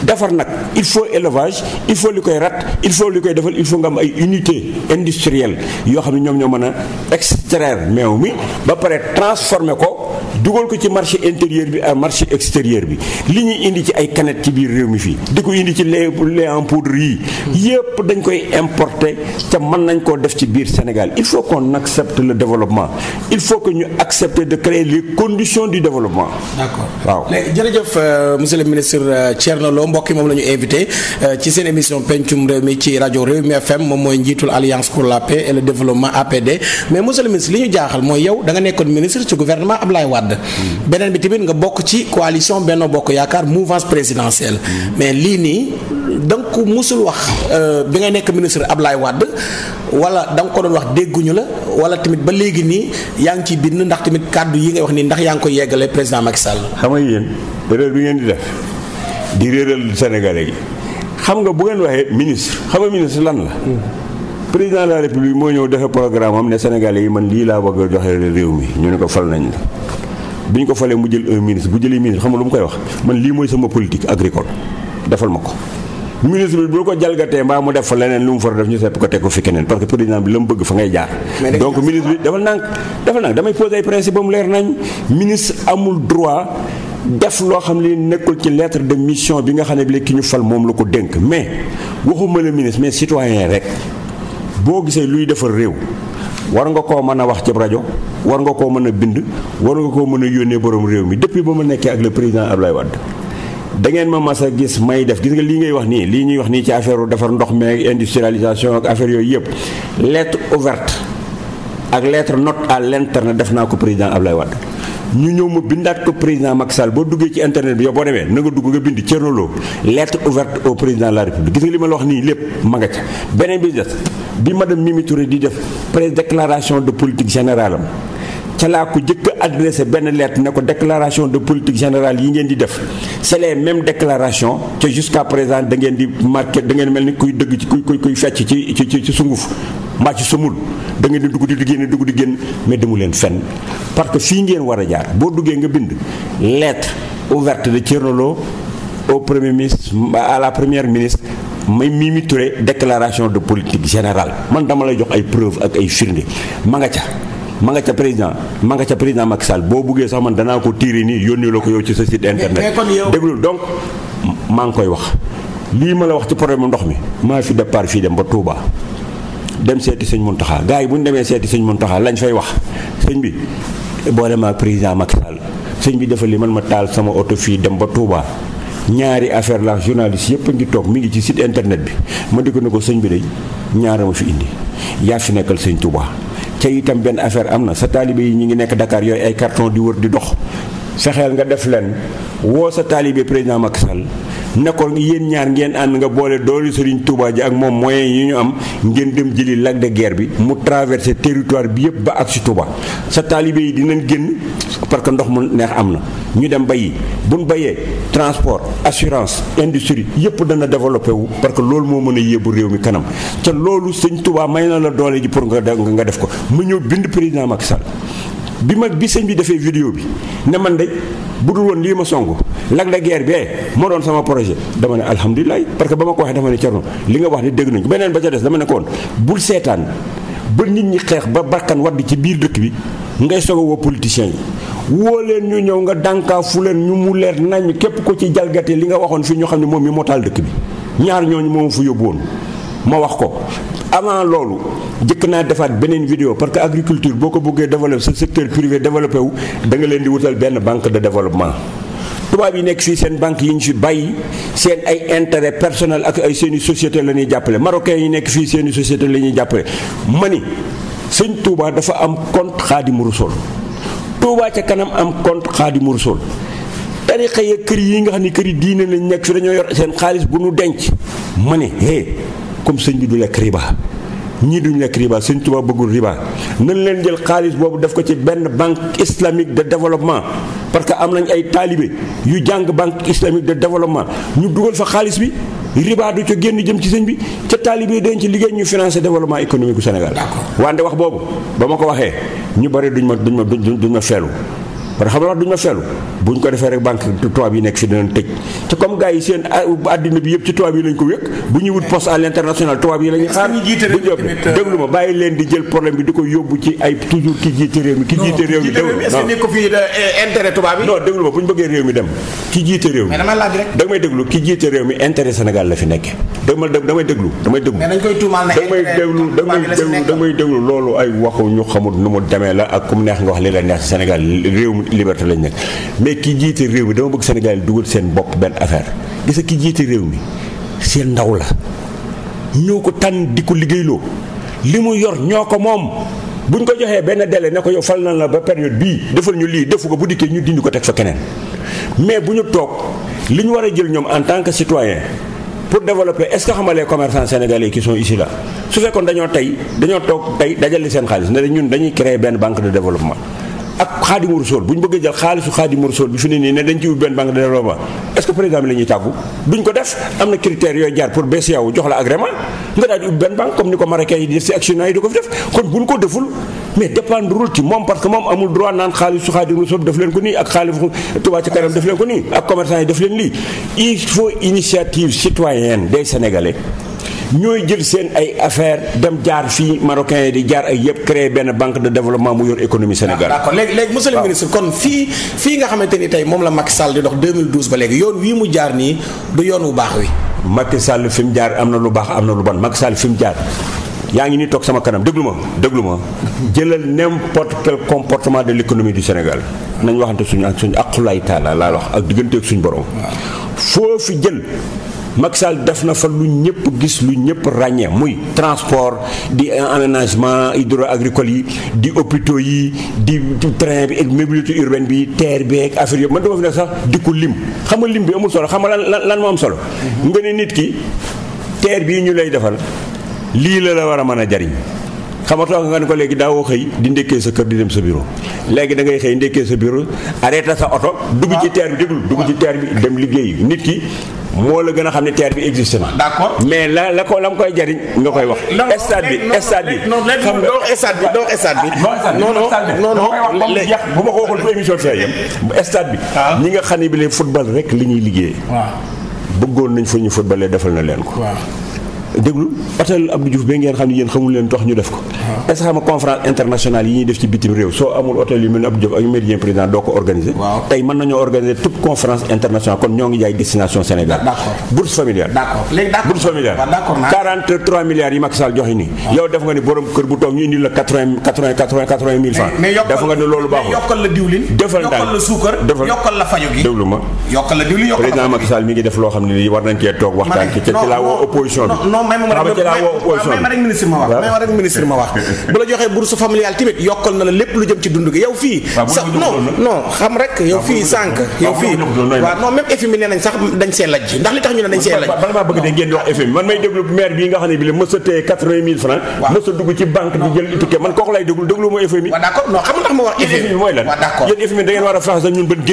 defar nag il faut élevage il faut li koy rat il faut li koy defal il faut nga am ay unité industrielle yoo xam ne ñoom ñoo mën a extraire meew mi ba pare transformer ko dugal ko ci marché intérieur bi ak marché extérieur bi li ñuy indi ci ay canettes ci réew mi fii di ko indi ci lait lait en poudre yi yëpp dañ koy importer te man nañ koo def ci biir Sénégal il faut nag accepte le développement il faut que ñu accepter de créer
les conditions du développement. d'accord waaw léegi jërëjëf euh, monsieur le ministre euh, Thierno Lo mbokk yi moom la ñu invité euh, ci seen émission pencum réew mi ci rajo réew mi FM moom mooy njiitul alliance pour la paix et le développement APD mais monsieur le Wade. beneen bi tamit nga bokk ci coalition Benno Bokk Yaakaar mouvance présidentielle. mais lii nii da ko musul wax euh, bi nga nekk ministre Ablaye Wade wala da nga ko doon wax dégguñu la wala tamit ba léegi nii yaa ngi ciy bind ndax tamit kàddu yi ngay wax nii ndax yaa ngi ko yeggale président Macky Sall.
xam nga yéen erreur bi ngeen di def di réeral Sénégalais yi xam nga bu ngeen waxee ministre xam nga ministre lan la. président de la république moo ñëw defe programme am ne Sénégalais yi man lii laa bëgg joxe réew mi ñu ne ko fal nañ bi ñu ko falee mu jël un ministre bu jëlee ministre xam nga lu mu koy wax man lii mooy sama politique agricole defal ma ko. ministre bi bu ko jalgatee mbaa mu def fa leneen lu mu far def ñu sepp ko teg ko fi keneen parce que président bi la mu bëgg fa ngay jaar. donc ministre bi defal nànk defal nànk damay posé ay principe ba mu leer nañ ministre amul droit. def loo xam ne nekkul ci lettre de mission bi nga xam ne bi ki ñu fal moom la ko dénk mais waxuma le ministre mais citoyen rek boo gisee luy defar réew war nga ko mën a wax cib rajo war nga koo mën a bind war nga koo mën a yónnee borom réew mi depuis ba ma nekkee ak le président Abdoulaye Wade da ngeen ma mas a gis may def gis nga lii ngay wax nii lii ñuy wax nii ci affaire defar ndox meeg industrialisation ak affaire yooyu yëpp lettre ouverte ak lettre note à l'interne def naa ko président lay Wade ñu ñëw ma bindaat ko président Macky Sall boo duggee ci internet bi yow boo demee na nga dugg nga bind Thierno Lo lettre ouverte au président la République gis nga li ma la wax nii lépp ma nga ca beneen bi des bi madame Mimi Touré di def pré déclaration de politique générale am ca laa ko jëkk adressé benn lettre ne ko déclaration de politique générale yi ngeen di def c'est les mêmes déclarations ca jusqu'à présent da ngeen di marqué da ngeen mel ni kuy dëgg ci kuy kuy fecc ci ci ci sunguf mbaa ci sëmul da ngeen di dugg di génn dugg di génn mais leen fenn parce que fii ngeen war a jaar boo duggee nga bind lettre ouverte de Thierno Lo au premier ministre à la première ministre may Mimi Touré de politique général man dama lay jox ay preuve ak ay firnde ma nga ca ma nga ca président ma nga ca président Macky Sall boo buggee sax man danaa ko tiire nii yónnee ko yow ci sa site internet déglul donc maa ngi koy wax lii ma la wax ci problème ndox mi maa fi départ fii dem ba Touba dem seeti sëñ Mountakha gars yi bu ñu demee seeti sëñ Mountakha lañ fay wax sëñ bi boole président Macky Sall sëñ bi dafa li man ma taal sama oto fii dem ba Touba. ñaari affaire la journaliste yëpp a ngi toog mi ngi ci site internet bi ma di ko ko sëñ bi day ñaara ma fi indi yaa fi nekkal sëñ Touba ca itam benn affaire am na sa taalibe yi ñu ngi nekk ndakaar yooyu ay carton di wër di dox fexeel nga def leen woo sa taalibe président Macky Sall ne ko yéen ñaar ngeen ànd nga boole doole Serigne Touba ji ak moom moyen yi ñu am ngeen dem jëli lac de guerre bi mu traversé territoire bi yëpp ba ak si Touba sa taalibe yi dinañ génn parce que ndox mu neex am na ñu dem bayi buñ bayee transport assurance industrie yëpp dana développé wu parce que loolu moo mën a yóbbu réew mi kanam te loolu Sëñ tubaa may na la doole ji pour nga nga def ko mu ñëw bind président Macky sal bi ma bi sëñ bi defee vidéo bi ne man de bu dul woon lii ma song Lac de Guiers bee moo doon sama projet dama ne alhamdulilah parce que ba ma ko waxee dama ne Thierno li nga wax ni dégg nañ beneen ba ca des dama ne koon bul seetaan ba nit ñi xeex ba bakkan wadd ci biir dëkk bi ngay soog a woo yi. woo leen ñu ñëw nga dànkaafu leen ñu mu leer nañ képp ko ci jalgate li nga waxoon fii ñoo xam ne moom mi moo taal dëkk bi ñaar ñooñu moom fu yóbbu woon ma wax ko avant loolu jëkk naa defaat beneen vidéo parce que agriculture boo ko bëggee développer sa secteur privé développé wu da nga leen di wutal benn banque de développement tubaab yi nekk fii seen banque yi ñu fi bàyyi seen ay intérêt personnel ak ay seeni société la ñuy jàppale marocains yi nekk fii seeni société la jàppale ma ni sëñ Touba dafa am compte Xaadimu Rasuul Touba ca kanam am compte Xaadimu Rasuul tarixa ya kër yi nga xam ne kër yi diine lañ nekk fi dañoo yor seen xaalis bu nu denc ma ni hé comme sëñ bi du lekk riba ñii duñu lekk riba sëñ Tuubaa bëggul riba nan leen jël xaalis boobu def ko ci benn banque islamique de développement parce que am nañ ay taalibe yu jàng banque islamique de développement ñu dugal fa xaalis bi riba du ca génn jëm ci sëñ bi ca taalibe yi dañ ci liggéey ñu financé développement économique bu Sénégal wante wax boobu ba ma ko waxee ñu bari duñ ma duñ ma duñ ma feelu parce que xam naa duñ ma feelu bu ñu ko defee rek banque tubaab yi nekk fi dinañ tëj te comme gars yi seen àddina bi yëpp ci tubaab yi lañ ko wékk bu ñuy wut poste à l'international tubaab yi la ñuy euh, leen di jël problème bi ko yóbbu ci ay toujours ki jiite réew mi ki dem ki jiite réew da may déglu ki jiite réew mi intérêt Sénégal la fi nekkee dama damay déglu damay déglu damay déglu damay déglu damay déglu loolu ay waxu ñu xamul nu mu demee la ak ku mu neex nga wax li la neex Sénégal réew mi liberté lañ nekk mais ki jiite réew mi dama bëgg Sénégal yi dugal seen bopp benn affaire gis nga ki jiite réew mi seen ndaw la ñoo ko tànn di ko liggéeyloo li muy yor ñoo ko moom bu ñu ko joxee benn délai ne ko yow fal na la ba période bii defal ñu lii defu ko bu dikkee ñu dindi ko teg fa keneen mais bu ñu toog li ñu war a jël ñoom en tant que citoyen pour développer est-ce que xamalee commerçants sénégalais qui la su fekkoon dañoo tey dañoo toog tey dajale seen xaalis ne ñun dañuy créer benn banque de développement ak xaadimu rasul bu ñu bëggee jël xaalisu xaadimu rasul bi fi ne nii ne dañ ci ubbi benn banque de est ce que président bi la tàggu duñ ko def am na critères yooyu jaar pour BCEAO wu jox la agrément nga daal ubbi benn banque comme ni ko marocain yi def si actionnaire yi di ko fi def kon buñ ko deful mais dépendrul ci moom parce que moom amul droit naan xaalisu xaadimu def leen ko nii ak xaalisu Touba Ca Kanam def leen ko nii ak commerçant ñooy jël seen ay affaire dem jaar fii marocain di jaar ak yëpp créer benn banque de développement mu yor économie Sénégal.
d'accord léegi léegi monsieur ministre kon fii fii nga xamante ni tey moom la Macky Sall di dox ba léegi yoon wii mu jaar nii du yoon wu
baax wi. Macky Sall fi mu jaar am na lu baax am na lu bon mag Sall fi mu jaar. yaa ngi nii toog sama kanam déglu ma déglu ma jëlal n'importe quel comportement de l'économie du Sénégal nañu waxante suñu ak suñu aqulaay taala ak digganteeg suñu borom Macky Sall def na fa lu ñëpp gis lu ñëpp ràññee muy transport di aménagement hydro agricole yi di hôpitaux yi di train bi ak mobilité urbaine bi terre bi ak affaire yëpp man dama fi nekk sax dikku lim xam nga lim bi amul solo xam nga lan lan moo am solo. Mhm. nga ne nit ki terre bii ñu lay defal lii la la war a mën a jariñ xamatoo nga ne ko léegi daawoo xëy di ndekkee sa kër di dem sa bureau léegi da ngay xëy ndekkee sa bureau arrêté sa oto dugg ci teer bi déglu dugg ci teer bi dem liggéey nit ki moo la gën a xam ne terre bi existé na. d'accord mais la la la mu koy jariñ nga koy wax. stade bi stade bi xam nga
doo bi stade bi. non non non non
bu ma ko waxul fu émission bi fay ah. ñi nga xam ne bi leen football rek li ñuy liggéey. waaw bëggoon nañ fu ñu footballee defal na leen ko. déglu hôtel Abdou Diouf bi ngeen xam ne yéen xamul leen tax ñu def ko est ce que xam nga internationale yi ñuy def ci bitim réew soo amul hôtel yu mel ni Abdou Diouf ak Méridien président doo ko organiser tey mën nañoo organiser toute conférence internationale kon ñoo ngi jaay destination Sénégal bourse familiale bourse familiale 43 milliards yi Macky Sall joxe nii yow def nga ni borom kër bu toog ñu indil la 80 80 80 80 mille francs def nga ne loolu baaxul yokkal la diwlin defal gi def loo xam ne war nañ cee non may ma rek ministre ma wax *laughs* bu la joxee
bourse familiale tamit yokkal na la lépp lu jëm ci dund gi yow fii sax non non xam rek yow fii sànq yow fii waaw non même FMI nee nañ sax dañ see laj bala
maa bëgg de ngeen wax FMI man may déglu maire bii nga xam ne bi la mës a téye 80 000 francs dugg ci banque di jël ticket man kooku lay déglu déglu ma FMI waaw d'accord non ma wax FMI mooy lan yéen FMI da
war a fexe sax ñun ban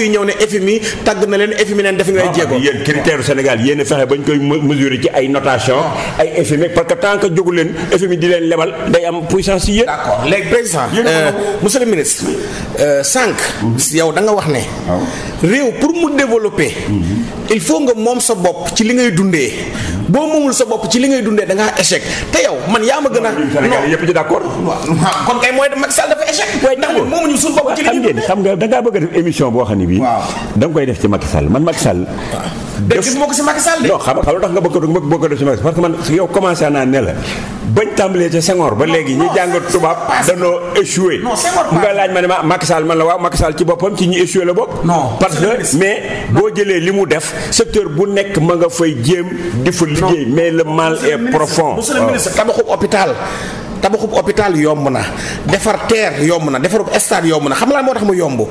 génn ne FMI tàgg na leen FMI neen def nga ay jéego yéen critère
Sénégal yéen a fexe bañ koy mesurer ci ay notation ay FMI parce que tant que jógu leen FMI
di leen lebal day am puissance yi yéen d'accord léegi président euh, monsieur le ministre euh, sànq mhm. yow da nga wax ne réew pour mu développer mhm. il faut nga moom sa bopp ci li ngay dundee boo moomul sa bopp ci li ngay dundee da ngaa échec te yow man yaa ma gën a. non yëpp ci d'accord. kon kay mooy Macky Sall dafa échec. waaye ndax moomuñu suñu bopp ci li xam ngeen xam
nga da ngaa bëgg a def émission boo xam ne bii. da koy def ci Macky Sall man Macky Sall.
def def moo ko si Macky Sall de.
non que man yow commencé naa ne la. bañ tàmbalee ca Senghor ba léegi ñu jàng tubaab danoo échoué nga laaj ma ne ma Macky Sall man la waaw Macky Sall ci boppam ci ñu échoué la bopp parce que mais boo jëlee li mu def secteur bu
nekk ma nga fay jéem di fa liggéey mais le mal est profond monsieur le ministre tabaxub hôpital tabaxub hôpital yomb na defar terre yomb na defar stade yomb na xam laa yomb bu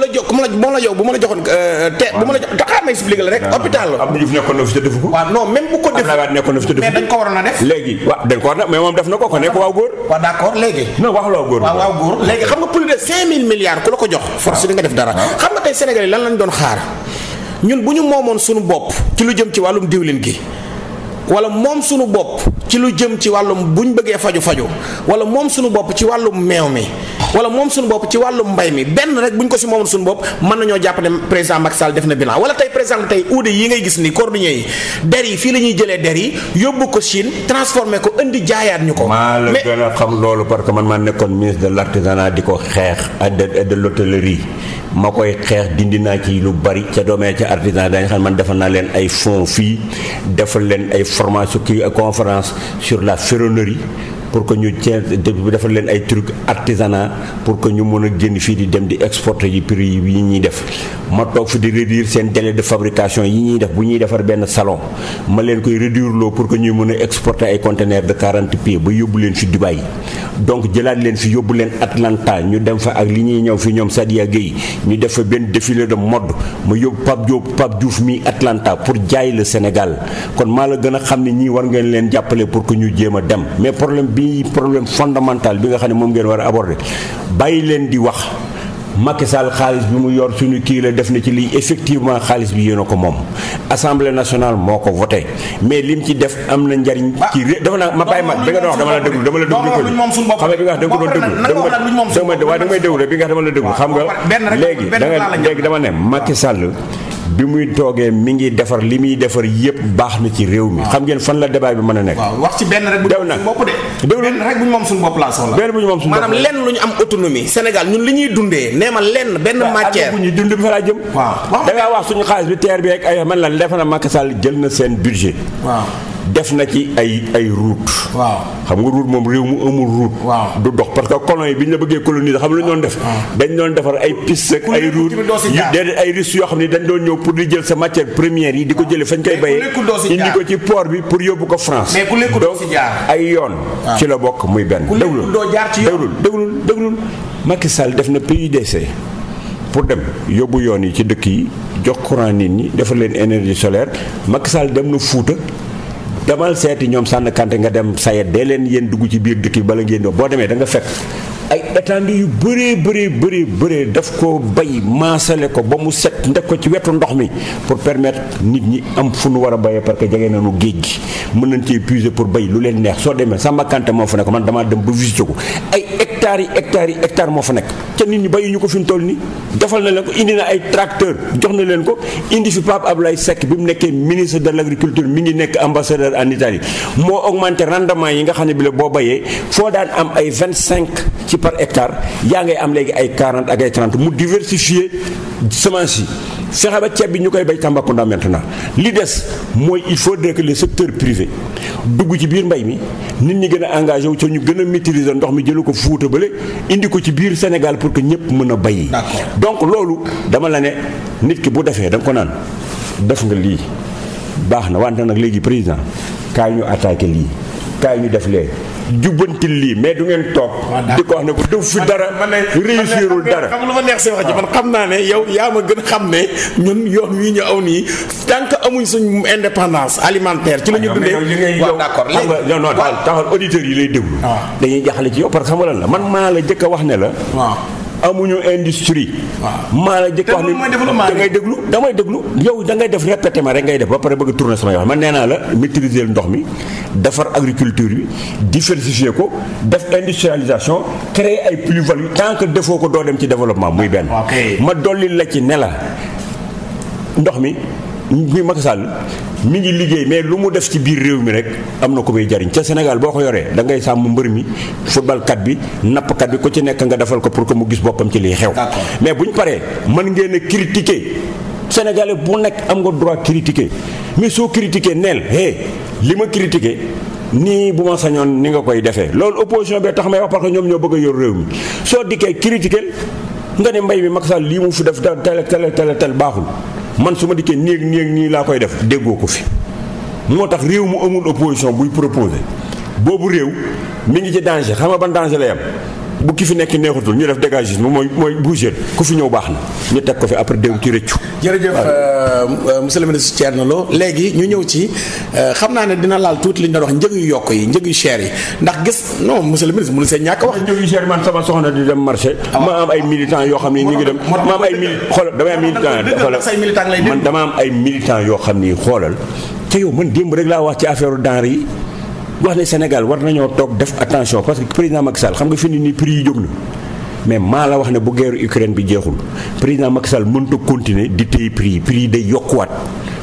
la jox ku bu ma la joxoon euh, te bu ma la jox taxaa may expliqué la rek hôpital Abdou Diouf nekkoon na fi a def léegi waaw dañ ko war na mais moom def na ko ko nekk waaw góor waaw d'accord léegi non wax nga plus de 5000 milliards ku la ko jox force di def dara xam nga tey Sénégal yi lan lañu doon xaar ñun bu ñu moomoon suñu bopp ci lu jëm ci wàllum diwlin gi wala moom sunu bopp ci lu jëm ci wàllum bu ñu bëggee faju faju wala moom sunu bopp ci wàllum meew mi wala moom suñu bopp ci wàllum mbay mi benn rek bu ñu ko si moomoon suñu bopp mën nañoo jàpp président Macky Sall def na bilan wala tey président tey uude yi ngay gis ni cordonnier yi der yi fii la ñuy jëlee der yi yóbbu ko Chine transformé ko indi jaayaat ñu ko. maa la
gën xam loolu parce que man maa nekkoon ministre de l'artisanat di ko xeex ak de de l'hôtellerie ma koy xeex dindi naa ci lu bari ca doomee ca artisan dañ xam man defal naa leen ay fonds fii defal leen ay formation kii conférence sur la ferronnerie pour que ñu cee defal leen ay truc artisanat pour que ñu mën a génn fii di dem di exporter yi prix yi ñuy def ma toog fi di réduire seen délai de fabrication yi ñuy def bu ñuy defar benn salon ma leen koy réduire loo pour que ñuy mën a exporter ay conteneurs de 40 pieds ba yóbbu leen fi Dubaï donc jëlaat leen fi yóbbu leen Atlanta ñu dem fa ak li ñuy ñëw fi ñoom Sadia Gueye ñu def fa benn défilé de modd ma yóbbu Pape Diop Pape Diouf mi Atlanta pour jaay le Sénégal kon maa la gën a xam ne ñii war ngeen leen jàppale pour que ñu jéem a dem muy problème fondamental bi nga xam ne moom ngeen war a aborder bàyyi leen di wax Macky Sall xaalis bi mu yor suñu kii la def na ci lii effectivement xaalis bi yéen ko moom assemblée nationale moo ko voté mais lim ci def am na njariñ ci ré dafa naa ma bàyyi ma bi nga doon wax dama la déglu dama la déglu ko xam nga bi nga wax da nga ko doon déglu dama waaye da nga may déglu bi nga la xam nga léegi da nga dama ne Macky Sall bi muy toogee mi ngi defar li muy defar yëpp baax na ci réew mi. xam ngeen fan la débat bi mën a nekk.
wax ci benn rek bu ñu moom suñu bopp de. déglu benn rek bu ñu moom suñu lenn lu ñu am autonomie Sénégal ñun li ñuy dundee nee ma lenn benn matière. bu
ñu dund bi fa laa jëm. waaw
da ngaa wax suñu xaalis bi teer bi ak ay man la defe na
Macky jël na seen budget. waaw. def na ci ay ay route waaw xam nga route moom réew mu amul route du dox parce que colon yi bi ñu la bëggee coloniser xam la ñoon def ah. dañ doon defar ay piste ak ay route yoo xam ne dañ doon ñëw pour di jël sa matière première yi di ko ah. jëlee fañ koy bayee indi ko ci port bi pour yóbbu ko France donc ay yoon ah. ci la bokk muy benn déglul déglul déglul déglul Macky Sall def na PUDC pour dem yóbbu yoon yi ci dëkk yi jox courant nit ñi defar leen énergie solaire Macky Sall dem na Fuuta demal seeti ñoom sànn kante nga dem sayet dee leen yéen dugg ci biir dëkk bi bala ngeen boo demee da nga fekk ay étendu yu bëree bëree bëree bëree daf ko bay maasale ko ba mu set ndeg ko ci wetu ndox mi pour permettre nit ñi am fu nu war a béyee parce que jege nañu géej gi mën nañ cee puiser pour bay lu leen neex soo demee sàmm kante moo fa nekk man damaa dem ba visité ko ay hectares yi hectares yi hectares moo fa nekk ca nit ñi bàyyi ñu ko fi mu toll nii defal na leen ko indi na ay tracteur jox na leen ko indi fi Pape Ablaye Seck bi mu nekkee ministre de l' agriculture mi ngi nekk ambassadeur en Italie moo augmenté rendement yi nga xam ne bi la boo bayee foo daan am ay cinq ci par hectare yaa ngay am léegi ay 40 ak ay 30 mu diversifier semence yi fexe ba ceeb bi ñu koy bay Tambacounda maintenant li des mooy il faudrait que le secteur privé dugg ci biir mbay mi nit ñi gën a engagé wu ca ñu gën a maîtriser ndox mi jëlu ko fuuta bële indi ko ci biir Sénégal pour que ñëpp mën a bay. donc loolu dama la ne nit ki bu defee da ko naan def nga lii baax na wante nag léegi président kaay ñu attaqué lii. kaay ñu def lee jubbantil lii mais du ngeen toog ah, di ko wax ne ko def fi dara réussirul dara ma
neex si wax ji ah. man xam naa ne yaw yaa ma gën xam ne ñun yoon wi ñu aw nii tant que amuñ suñ indépendance alimentaire ci la ñu ah, dundee waaw
d'accord xam nga non non taxal auditeurs yi lay déglu dañuy jaxale ci yow parce la man maa la jëkk wax ne la amuñu industrie. waaw maa la njëkk wax ni da ngay déglu damay déglu yow da ngay def répété ma rek ngay def ba pare bëgg tourner sama yox man nee naa la maîtriser ndox mi defar agriculture bi diversifier ko def industrialisation créer ay plus-value tant que defoo ko doo dem ci développement muy benn. ma dolli la ci ne la ndox mi. muy Macky Sall mi ngi liggéey mais lu mu def ci biir réew mi rek am na ko muy jariñ ca Sénégal boo ko yoree da ngay sàmm mbër mi football bi nappkat bi ku ci nekk nga defal ko pour que mu gis boppam ci liy xew. mais bu ñu paree man ngeen a critiquer Sénégalais bu nekk am nga droit critiquer mais soo critiquer neel hey li ma critiquer. nii bu ma sañoon ni nga koy defee loolu opposition bi tax may wax parce ñoom ñoo bëgg a yor réew mi soo dikkee critiquer nga ne mbay mi Macky Sall lii mu fi def tel tel tel tel baaxul man su ma dikkee nii nii nii laa koy def déggoo ko fi moo tax réew mu amul opposition buy proposé boobu réew mu ngi ci danger xam nga ban danger lay am bu ki fi nekk neexutul ñu def dégagisme mooy mooy bouger
ku fi ñëw baax na ñu teg ko fi après déw ci rëccu. jërëjëf euh, euh, monsieur le ministre Thierno Lo léegi ñu ñëw ci euh, xam naa ne dina laal tuuti li ñu doon wax njëg yu yokk yi njëg yu cher yi ndax gis non monsieur le ministre mënu seen ñàkk wax. man sama soxna di dem marché. Ah. ma am ay militants yoo xam ne
ñu ngi dem. ma am ay mili xoolal damay am militant man dama am ay militants yoo xam ni xoolal te yow man démb rek laa wax ci affaire denrée yi wax ne Sénégal war nañoo toog def attention parce que président Macky Sall xam nga fi ni nii prix yi jóg na mais maa la wax ne bu guerre Ukraine bi jeexul président Macky Sall mënta continuer di téye prix yi prix yi day yokkuwaat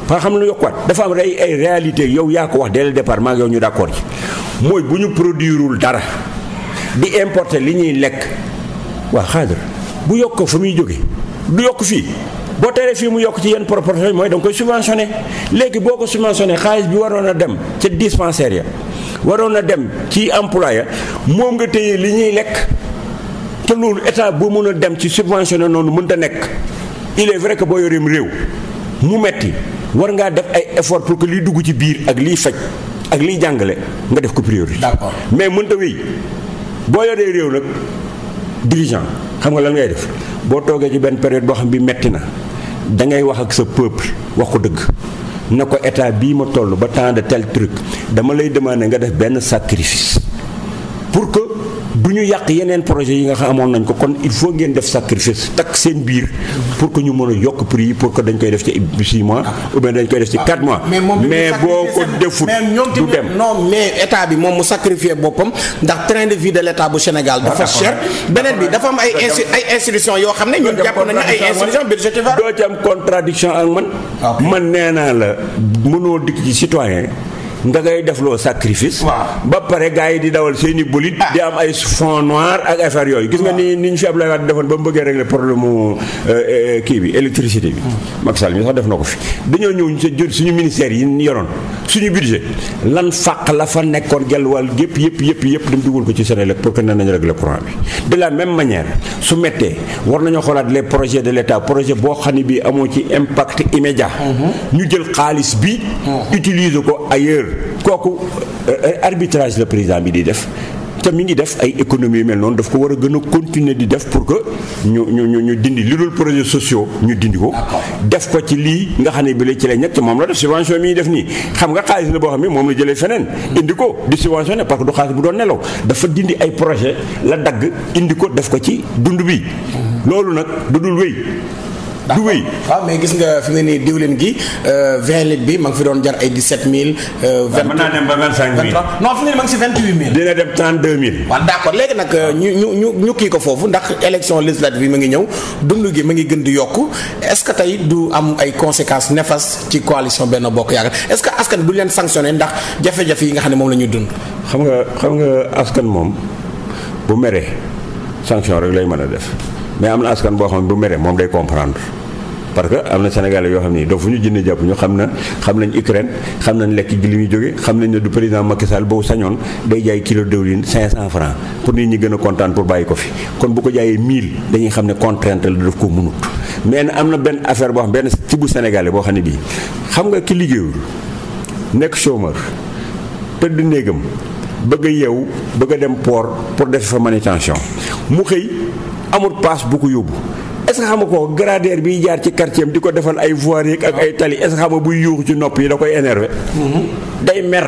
parce que xam na yokkuwaat dafa am ay ay réalité yow yaa ko wax dès le départ maa ngi yow ñu d'accord ci mooy bu ñu produirul dara di importe li ñuy lekk waa xaaral bu yokk ko fa muy jóge du yokk fii boo teree fii mu yokk ci yenn proportion mooy da nga koy boo ko xaalis bi waroon a dem ca dispensaire ya waroon a dem ci emploi ya moom nga téye li ñuy lekk te loolu état boo mën a dem ci subvention subventionné noonu mën ta nekk il est vrai que boo yoreem réew mu metti war ngaa def ay effort pour que liy dugg ci biir ak liy faj ak liy jàngale nga def ko priorité. d'accord mais mën ta wéy boo yoree réew nag dirigeant xam nga lan ngay def boo toogee ci benn période boo xam bi metti na da ngay wax ak sa peuple wax ko dëgg. na ko état bii ma toll ba temps de tel dama lay demander nga def benn sacrifice pour que du ñu yàq yeneen projet yi nga xam amoon nañ ko kon il faut ngeen def sacrifice takk seen biir pour que ñu mën a yokk prix yi pour que dañ koy def ci 6 mois ou bien dañ koy def ci 4
mois. mais boo ko defut du dem non mais état bi moom mu sacrifier boppam ndax train de vie de l' état bu Sénégal dafa ah, cher beneen bi dafa am ay ay yoo xam ne ñun jàpp nañu ay institutions
budgétaires doo ci am contradiction ak man ah, man nee naa la mënoo dikk ci citoyen nga ngay defloo sacrifice. ba pare gars yi di dawal seeni i bolide. Ah. di am ay fond noir ak affaire yooyu. gis nga ni ni ñu fi Abdoulaye Wade defoon ba mu bëggee régler problème mu euh, euh, kii bi électricité bi. Hmm. Macky Sall mi sax def na ko fi dañoo ñëw ñu sa jël suñu ministère yi ñu yoroon suñu budget lan fàq la fa nekkoon gelwal yëpp yëpp yëpp yëpp dem dugal ko ci Sénélec pour que nee nañu régler courant bi de la même manière su mettee war nañoo xoolaat les projet de l' projet boo xam ne bii amoo ci impact immédiat. Hmm. ñu jël xaalis bi. Hmm. utiliser ko ailleurs. kooku euh, euh, arbitrage la président bi di def te mi ngi def ay économie yu mel noonu daf ko war a gën a continuer di def pour que ñu ñu ñu ñu dindi li dul projet sociaux ñu dindi ko. def ko ci lii nga xam ne bi la ci ñett moom la def subvention mi def nii xam nga xaalis la boo xam ne moom la jëlee feneen. indi ko di subventionné parce que du xaalis bu doon nelaw dafa dindi ay projet la dagg indi ko def ko ci dund bi. loolu nag
du dul wéy. du wéy waaw ah, mais gis nga fi mu ni nii diwlin gi euh, vingt litres bi ma ngi fi doon jar ay 17000. 20 euh, ah, mën naa dem ba 25000 non fi mu ne nii ma ngi si 28000. dina dem 32000. waaw d' accord léegi nag euh, ñu ñu ñu ñu kii ko foofu ndax élection législative bi ma ngi ñëw dund gi ma ngi gën di yokk est ce que tey du am ay conséquence néfastes ci coalition benn Bokk Yaakaar est ce que askan bu leen sanctionné ndax jafe-jafe yi nga xam ne moom la ñuy dund. xam nga xam nga
askan moom bu meree sanction rek lay mën a def. mais am na askan boo xam ne bu mere moom day comprendre parce que am na Sénégalais yoo xam ne doo fu ñu jënd jàpp ñu xam na xam nañ Ukraine xam nañ lekk gi li muy jóge xam nañ ne du président Macky Sall boobu sañoon day jaay kilo diwlin 500 francs pour nit ñi gën a kontaan pour bàyyi ko fi kon bu ko jaayee 1000 dañuy xam ne contrainte la daf ko mënut mais na am na benn affaire boo xam benn ci bu Sénégalais boo xam ne bii xam nga ki liggéeyul nekk chômeur tëdd néegam bëgg a yeewu bëgg a dem port pour def fa manutention mu xëy amul paas bu ko yóbbu est-ce que xam ko gradaire biy jaar ci quartier am di ko defal ay voirie ak ay tali est-ce que xam buy yuuxu ci nopp yi da koy énervé mm-hmm. day mer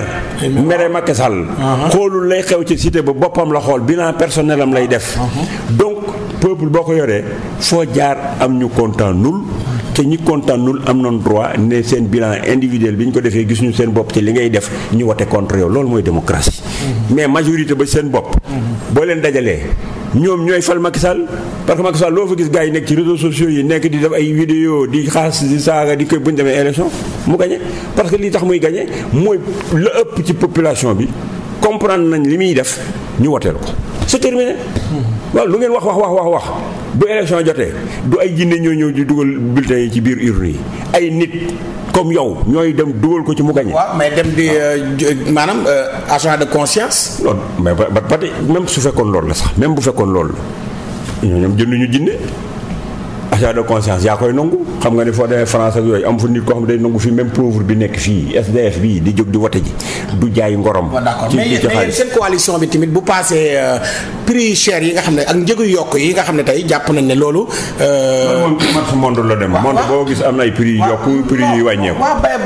mere Macky Sall uh-huh. xoolul lay xew ci cité ba boppam la xool bilan personnel am lay def uh-huh. donc peuple boo ko yoree foo jaar am ñu kontaanul te ñi kontaanul am nañ droit ne seen bilan individuel bi ñu ko defee gisuñu seen bopp ci li ngay def ñu wote contre yow loolu mooy démocratie. Mm-hmm. mais majorité ba seen bopp. Mm-hmm. boo leen dajalee. ñoom ñooy fal Macky Sall parce que Macky Sall loo fa gis gars yi nekk ci réseaux sociaux yi nekk di def ay vidéo di xaas di saaga di koy bu ñu demee élection mu gagné parce que li tax muy gagné mooy la ëpp ci population bi comprendre nañ li muy def ñu woteel ko c'est terminé. Mm-hmm. lu ngeen wax wax wax wax wax. bu élection jotee du ay jinne ñoo ñëw di dugal bulletins yi ci biir urne yi ay nit comme yow ñooy dem dugal ko ci mu gañe waaw mais dem di euh, maanaam euh, agent de conscience. loolu mais ba ba tey même su fekkoon loolu la sax même bu fekkoon loolu la ñoo ñoom jënduñu jinne achat de conscience yaa koy nangu xam nga ne foo demee France ak yooyu am fu nit koo xam ne day nangu fii même pauvre bi nekk fii SDF bii di jóg di wote ji du jaay ngorom. ci mais seen
coalition bi tamit bu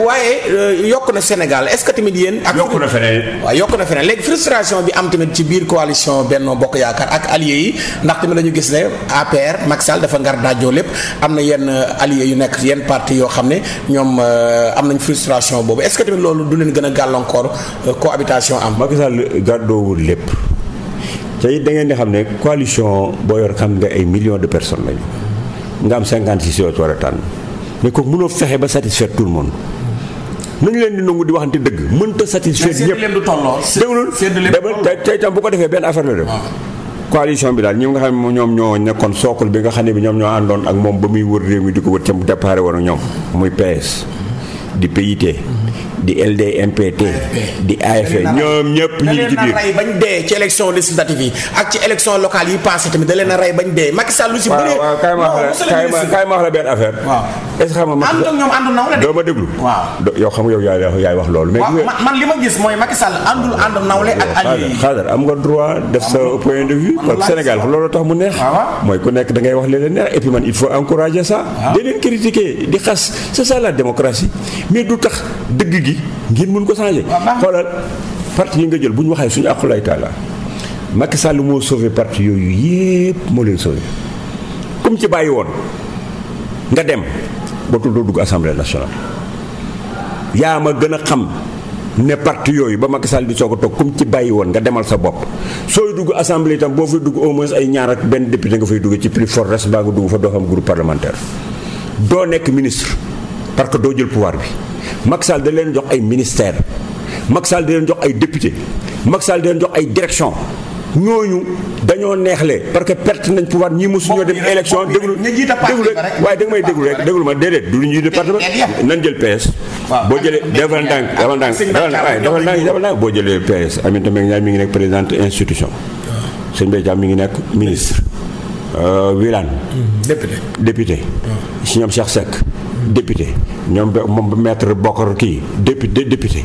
waaye euh, yokk na Sénégal est tamit yéen. yokk na feneen. waaw frustration bi am tamit ci biir coalition Benno Bokk Yaakaar ak alliés yi ndax tamit la gis ne APR Macky dafa ngar daajoo am na yenn alliés yu nekk yenn partie yoo xam ne ñoom euh, am nañ frustration boobu est-ce loolu du leen gën a gàllankoor euh, cohabitation am. Macky Sall gàddoowul lépp
te da ngeen di xam ne coalition boo yor xam nga ay millions de personnes lañu nga am 56 yoo war a tànn mais kooku mënoo fexe ba satisfaire tout le monde. nañu leen di nangu di waxante dëgg mënta satisfaire ñëpp. mais seen leen du tolloo. seen du leen tolloo tam bu ko defee benn affaire la dem. Ah. coalition bi daal ñi nga xam ne ñoom ñoo nekkoon sookul bi nga xam ne bi ñoom ñoo àndoon ak moom ba muy wër réew mi di ko wër ca mu déparé woon ñoom muy PS di PIT di LDMPT di AFP ñoom ñëpp ñu ngi ci biir rey bañ
ak ci locale yi passé tamit da leen rey bañ dee Macky Sall lu si bëree waaw kaay ma la benn affaire est-ce
doo
ma déglu waaw
yow xam nga yow yaay yaay wax loolu mais man
li ma gis mooy Macky Sall àndul ànd nawle ak allié
yi xaaral am nga droit def sa point de vue parce que Sénégal loolu tax mu neex mooy ku nekk da ngay wax leen neex et puis man il faut encourager ça da leen di xas c'est ça la démocratie mais du tax dëgg gi ngeen mun ko changer. xoolal parti yi nga jël bu ñu waxee suñu akulaay taala Macky Sall moo sauvé parti yooyu yépp moo leen sauvé comme ci bàyyi woon nga dem dootul doo dugg assemblée nationale yaa ma gën a xam. ne parti yooyu ba Macky Sall di soog a toog comme ci bàyyi woon nga demal sa bopp sooy dugg assemblée itam boo fay dugg au moins ay ñaar ak benn député nga fay dugg ci plus for reste baa nga dugg fa doo xam groupe parlementaire nekk ministre parce que doo jël pouvoir bi Macky Sall leen jox ay ministère Macky Sall da leen jox ay député Macky Sall da jox ay direction ñooñu dañoo neexle parce que perte nañ pouvoir ñi mosuñoo dem élection déglu déglu rek waaye da nga may déglu rek déglu ma déedéet du ñu jiite parti ba nan jël PS boo jëlee defal ndànk defal ndànk defal ndànk boo jëlee PS Aminata Mbengue Ndiaye mi ngi nekk présidente institution sëñ Mbaye Thiam mi ngi nekk ministre euh, Wilane mm-hmm. député si ah. ñoom Cheikh Seck député ñoom moom maître Bokar kii député député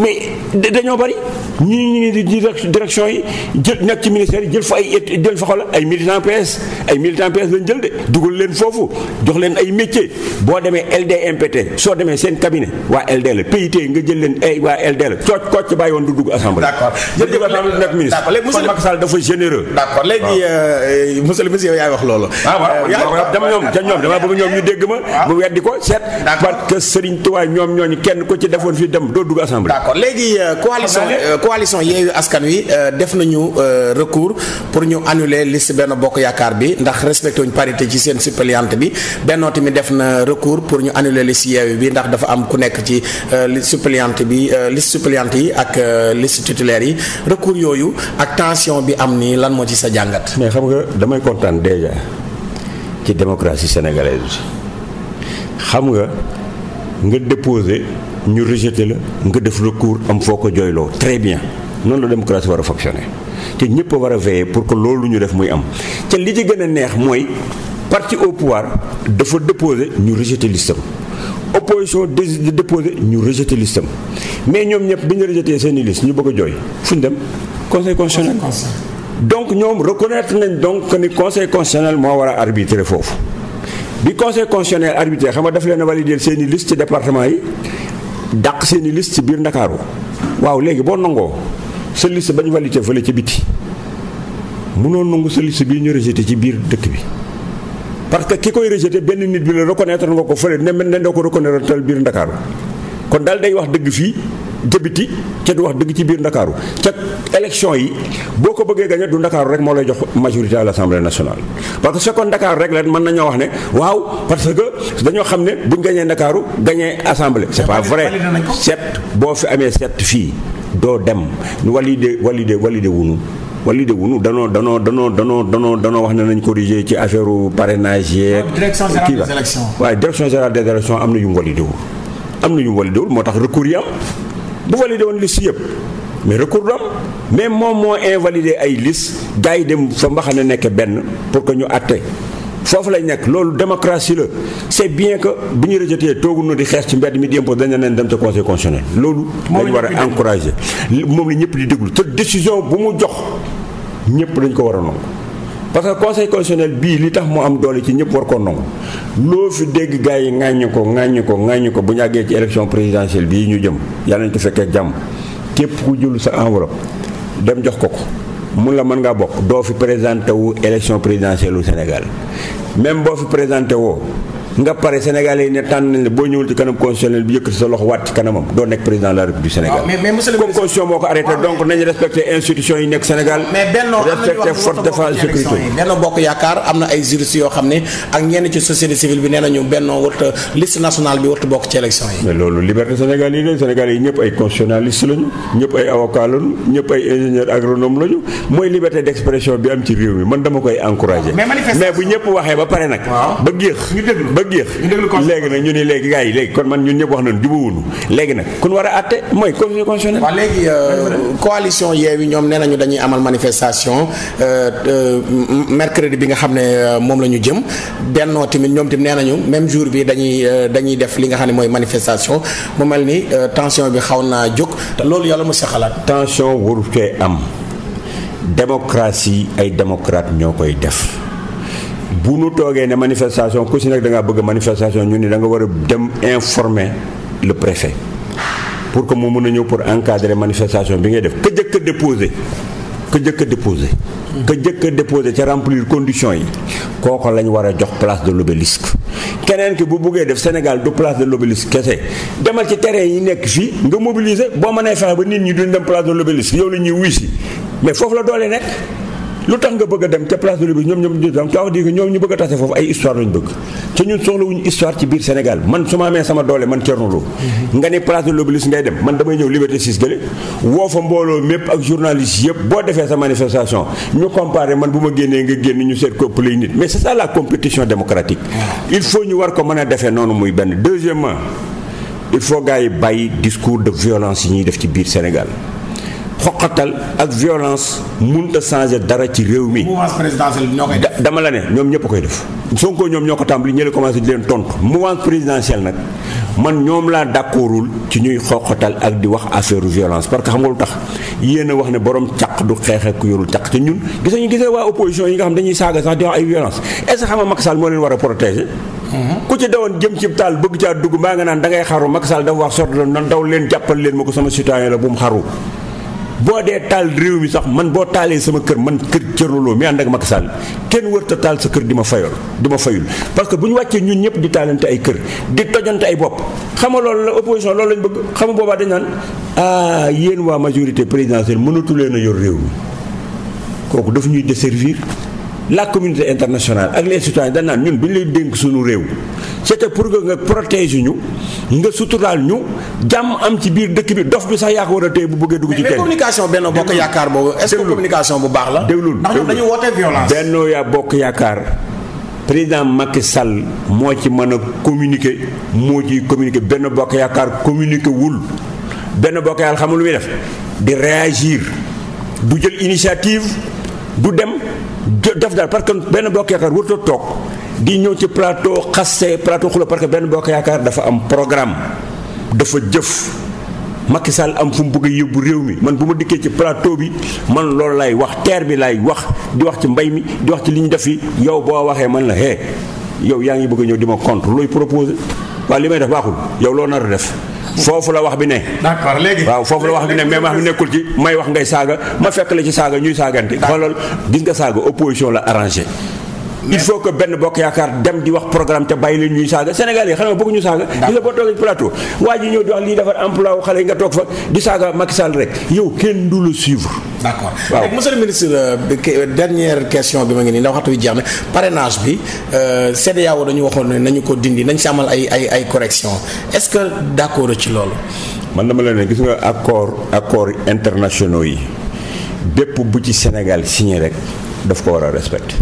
mais dañoo bari ñu ñu ngi di direction yi jël nekk ci ministère yi jël fa ay jël fa xoolal ay militant PS ay militant PS lañ jël de dugal leen foofu jox leen ay métier boo demee LDMPT soo demee seen cabinet waa LD la PIT nga jël leen ay waa LD la cooc cooc ci bàyyi woon du dugg assemblée. d'accord jërëjëf
jërëjëf nekk ministre dafa
généreux. d'accord léegi
euh, euh, monsieur le ministre yow yaay
dama ñoom dama ñoom ñu dégg ma bu ah. weddi ko seet. parce que Serigne Touba ñoom ñooñu kenn ko ci defoon fii dem doo dugg assemblée.
d'accord léegi euh, coalition euh, coalition Yewwi Askan Wi euh, def nañu recours pour ñu annuler liste benn Bokk Yaakaar bi ndax respecté wuñ parité ci seen suppléante bi Benno tamit def na recours pour ñu annuler liste Yewwi bi ndax dafa am ku nekk ci liste suppléante bi liste suppléante yi ak liste titulaire yi recours yooyu ak tension bi am ni lan moo ci sa jàngat. mais xam nga damay kontaan déjà
ci démocratie sénégalaise bi xam nga nga déposé ñu rejeté la nga def recours am foo ko jooyloo très bien noonu la démocratie war a fonctionner te ñëpp a war a veiller pour que loolu ñu def muy am te li ci gën a neex mooy parti au pouvoir dafa déposé ñu rejeté listam opposition de déposé ñu rejeté listam mais ñoom ñëpp bi ñu rejeté seen i liste ñu bëgg a jooy fu ñu dem conseil constitutionnel donc ñoom reconnaître nañ donc que ni conseil constitutionnel moo war a arbitré foofu bi conseil constitutionnel arbitré xam nga daf leen a valider seen i liste ci département yi dàq seen i ci biir ndakaaru waaw léegi boo nangoo sa liste ba ñu valider fële ci biti mënoo nangu sa liste bii ñu rejeté ci biir dëkk bi parce que ki koy rejeté benn nit bi la reconnaître nga ko fële ne mel ne doo ko reconnaître tal biir ndakaaru kon daal day wax dëgg fii jëbiti ca du wax dëgg ci biir ndakaaru ca élection yi boo ko bëggee gañe du ndakaaru rek moo lay jox majorité à l' assemblée nationale parce que su fekkoon ndakaaru rek leen mën nañoo wax ne waaw parce que dañoo xam ne buñ gañee ndakaaru gañee assemblée c' pas vrai sept boo fi amee sept fii doo dem walide walide walide wunu wali de wunu danoo danoo danoo danoo danoo danoo wax ne nañ corrigé ci affaire parrainage yeeg. direction générale des élections waaye direction générale des élections am na yu mu am na yu mu moo tax recours yi am bu validé woon liste yëpp mais recours doom mais moom moo invalidé ay liste gars yi dem fa mbaxana nekk benn pour que ñu àtte foofu lay nekk loolu démocratie la c'est bien que bu ñu rejeté toogul na di xeex ci mbedd mi di impôt dañu leen dem te conseil constitutionnel loolu dañu war a encouragé moom la ñëpp di déglu te décision bu mu jox ñëpp dañ ko war a nangu parce que conseil constitutionnel bii li tax mu am doole ci ñëpp war ko nangu loo fi dégg gars yi ŋàññi ko ŋàññi ko ŋàññi ko bu ñu ci élection présidentielle bii ñu jëm yàlla nañ ko fekkee jàmm képp ku jël sa enveloppe dem jox ko ko mun la mën ngaa bokk doo fi présenté wu élection présidentielle u Sénégal même boo fi présenté woo nga pare sénégalais yi ne tànn nañ boo ñëwul ci kanam constitutionnel bi yëkkati sa loxo waat ci kanamam doo nekk président la république du Sénégal.
comme constitution moo ko arrêté donc nañu respecté institution yi nekk Sénégal. mais bennoo am na ay juristes yoo xam ne ak ñenn ci société civile bi nee nañu bennoo warta liste nationale bi warta bokk ci élection
yi. loolu liberté Sénégal yi lañu Sénégal yi ñëpp lañu ñëpp ay avocat lañu ñëpp ay ingénieur agronome géex léegi nag ñu ni léegi gars yi léegi kon man ñu ñëpp wax nañu jubuwuñu léegi nag
kun war a àtte mooy conseil constitutionnel waaw léegi euh, coalition Yewwi ñoom nee nañu dañuy amal manifestation euh, euh, mercredi bi nga xam ne moom la ñu jëm bennoo tamit ñoom tamit nee nañu même jour bi dañuy dañuy def li nga xam ne mooy manifestation mu mel ni tension bi xaw naa jóg loolu yàlla mu si xalaat
tension waru fee am démocratie ay démocrate ñoo koy def bu nu toogee ne manifestation ku si nag da ngaa bëgg manifestation ñu ni da nga war a dem informer le préfet pour que mu mën a ñëw pour encadrer manifestation bi ngay def ka jëkk déposé ka jëkk a déposé ka jëkk a déposé ca remplir conditions yi kooko lañ war a jox place de l'obélisque keneen ki bu buggee def Sénégal du place de l'obélisque kese demal ci terrain yi nekk fii nga mobiliser boo mën mënee fexe ba nit ñi duñ dem place de l'obélisque yow la ñuy wuy si mais foofu la doole nekk lu tax nga bëgg dem ca place de l'Obélisque ñoom ñoom ñu donc wax dëgg ñoom ñu bëgg a tase foofu ay histoire lañu bëgg te ñun soxlawuñu histoire ci biir Sénégal man su ma amee sama doole man Thierno Lo mhm. nga ne place de l'Obélisque ngay dem man damay ñëw Liberté 6 gële woo fa mbooloo mépp ak journaliste yëpp boo defee sa manifestation ñu comparé man bu ma génnee nga génn ñu seet ko ëppale nit mais c'est ça la compétition démocratique il faut ñu war ko mën a defee noonu muy benn deuxièmement il faut gars yi bàyyi discours de violence yi ñuy def ci biir Sénégal xoqatal ak violence mënut a changer dara ci réew mi. mouvance présidentielle bi ñoo koy def. dama la ne ñoom ñëpp a koy def. Sonko ñoom ñoo ko tàmbali ñële commencé di leen tontu mouvance présidentielle nag man ñoom laa d'accordul ci ñuy xoqatal ak di wax affaire violence parce que xam tax yéen a wax ne borom caq du xeex ak ku yorul caq te ñun gis nañu waa opposition yi nga xam dañuy saaga sax di wax ay violence est ce xam nga Macky moo leen war a protéger. Mm-hmm. ku ci dawoon jëm ci taal bëgg caa dugg mbaa nga naan dangay xaru Macky Sall dafa wax sot la na daw leen jàppal leen ma ko sama citoyen la bu boo dee taal réew mi sax man boo taalee sama kër man kër Thierno Lo mi ànd ak Macky Sall kenn wër ta taal sa kër di ma fayool di ma fayul parce que bu ñu wàccee ñun ñëpp di taalante ay kër di tojante ay bopp xam nga loolu la opposition loolu lañ bëgg xam nga boobaa dañ naan ah yéen waa majorité présidentielle mënatu leen a yor réew mi kooku daf ñuy desservir la communauté internationale ak les citoyens dañ naan ñun bi ñu lay dénk suñu réew c'était pour que nga protéger ñu nga suturaal ñu jàmm am ci biir dëkk bi dof bi sax yaa ko war a téye bu bëggee dugg ci kenn mais benn bokk yaakaar boobu est bu baax la déglul ndax ñoom dañu woote violence benn yaa bokk yaakaar président Macky Sall moo ci mën a communiqué moo ci communiquer benn bokk yaakaar communiquer wul benn bokk yaakaar xamul lu muy def di réagir du jël initiative du dem def daal parce que benn bokk yaakaar warut toog di ñëw ci plateau xaste plateau xuloo parce que benn bokk yaakaar dafa am programme dafa jëf Macky Sall am fu mu bëgg a yóbbu réew mi man bu ma dikkee ci plateau bi man loolu laay wax teer bi laay wax di wax ci mbay mi di wax ci li ñu def yi yow boo waxee man la hee yow yaa ngi bëgg a ñëw di ma contre looy proposé waaye li may def waaxul yow loo nar a def foofu la wax bi ne. d'accord léegi waaw foofu la wax bi ne mais wax bi nekkul ci may wax ngay saaga ma fekk la ci saaga ñuy saagante. xoolal gis nga saaga opposition la arrangé. il faut que benn bokk yaakaar dem di wax programme te bàyyi leen ñuy saaga Sénégal yi xanaa bëgguñu saaga gis nga boo toogee plateau waa ji ñëw di wax lii defar emploi wu xale yi nga toog fa di saaga Macky Sall rek yow kenn du la suivre d'accord
waaw monsieur le ministre euh, euh, dernière question bi ma ngi nii ndax waxtu bi jeex na parrainage bi euh, CEDEAO dañu waxoon ne nañu ko dindi nañ si amal ay ay ay ce que d'accord ci loolu
man dama la ne gis nga accord accord internationaux yi bépp bu ci Sénégal signé rek daf ko war a respecter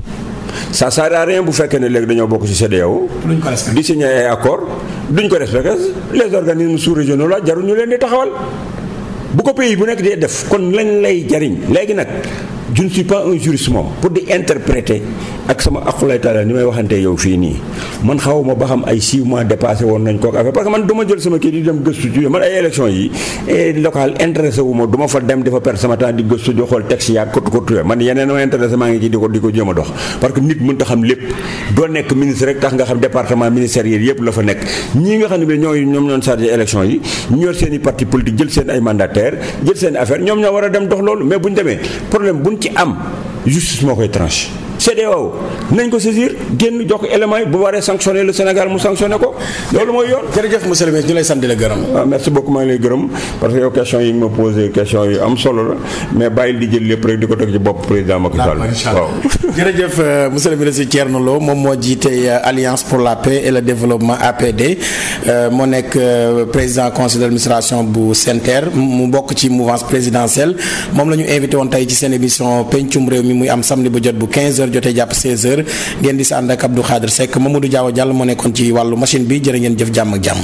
ça sert à bu fekkee ne léegi dañoo bokk ci CEDEAO di signé ay accord duñ ko respecté les organismes sous-régionaux la ñu leen di taxawal bu ko pays bu nekk dee def kon lañ lay jariñ léegi nag je ne pas un juriste pour di interpréter ak sama aqulay taala ni may waxante yow fii nii man xaw ba xam ay 6 mois dépassé woon nañ kooku affaire parce que man du jël sama kii di dem gëstu ci man ay élection yi eh, local intéressé wu fa dem di fa perdre sama temps di gëstu di xool texte yaag kot kot man yeneen ma intéressé ngi ci di ko di ko jéem a dox parce que nit mën ta xam lépp doo nekk ministre rek tax nga xam département a dem dox loolu ci am justice moo koy tranché CEDEAO nañ ko saisir génn jox ko éléments yi bu waree
sanctionner le Sénégal mu sanctionné ko loolu mooy yoon. jërëjëf monsieur le maire ñu lay sant di la gërëm.
waaw ah, lay gërëm parce que yi nga ma posé question yu mais bàyyi di jël lépp rek di ko teg ci bopp président Macky Sall. waaw
*laughs* jërëjëf euh, monsieur le ministre Thierno moom moo jiite euh, alliance pour la paix et le développement APD euh, moo nekk président conseil d'administration bu SENTER mu bokk ci mouvance présidentielle moom la ñu invité woon tey ci seen émission pencum réew mi muy am samedi bu jot bu 15h 15 jotee jàpp 16h ngeen di si ànd ak Abdou Khadre Seck Mamadou Diaw Diallo moo nekkoon ci wàllu machine bi jërë ngeen jëf jàmm ak jàmm.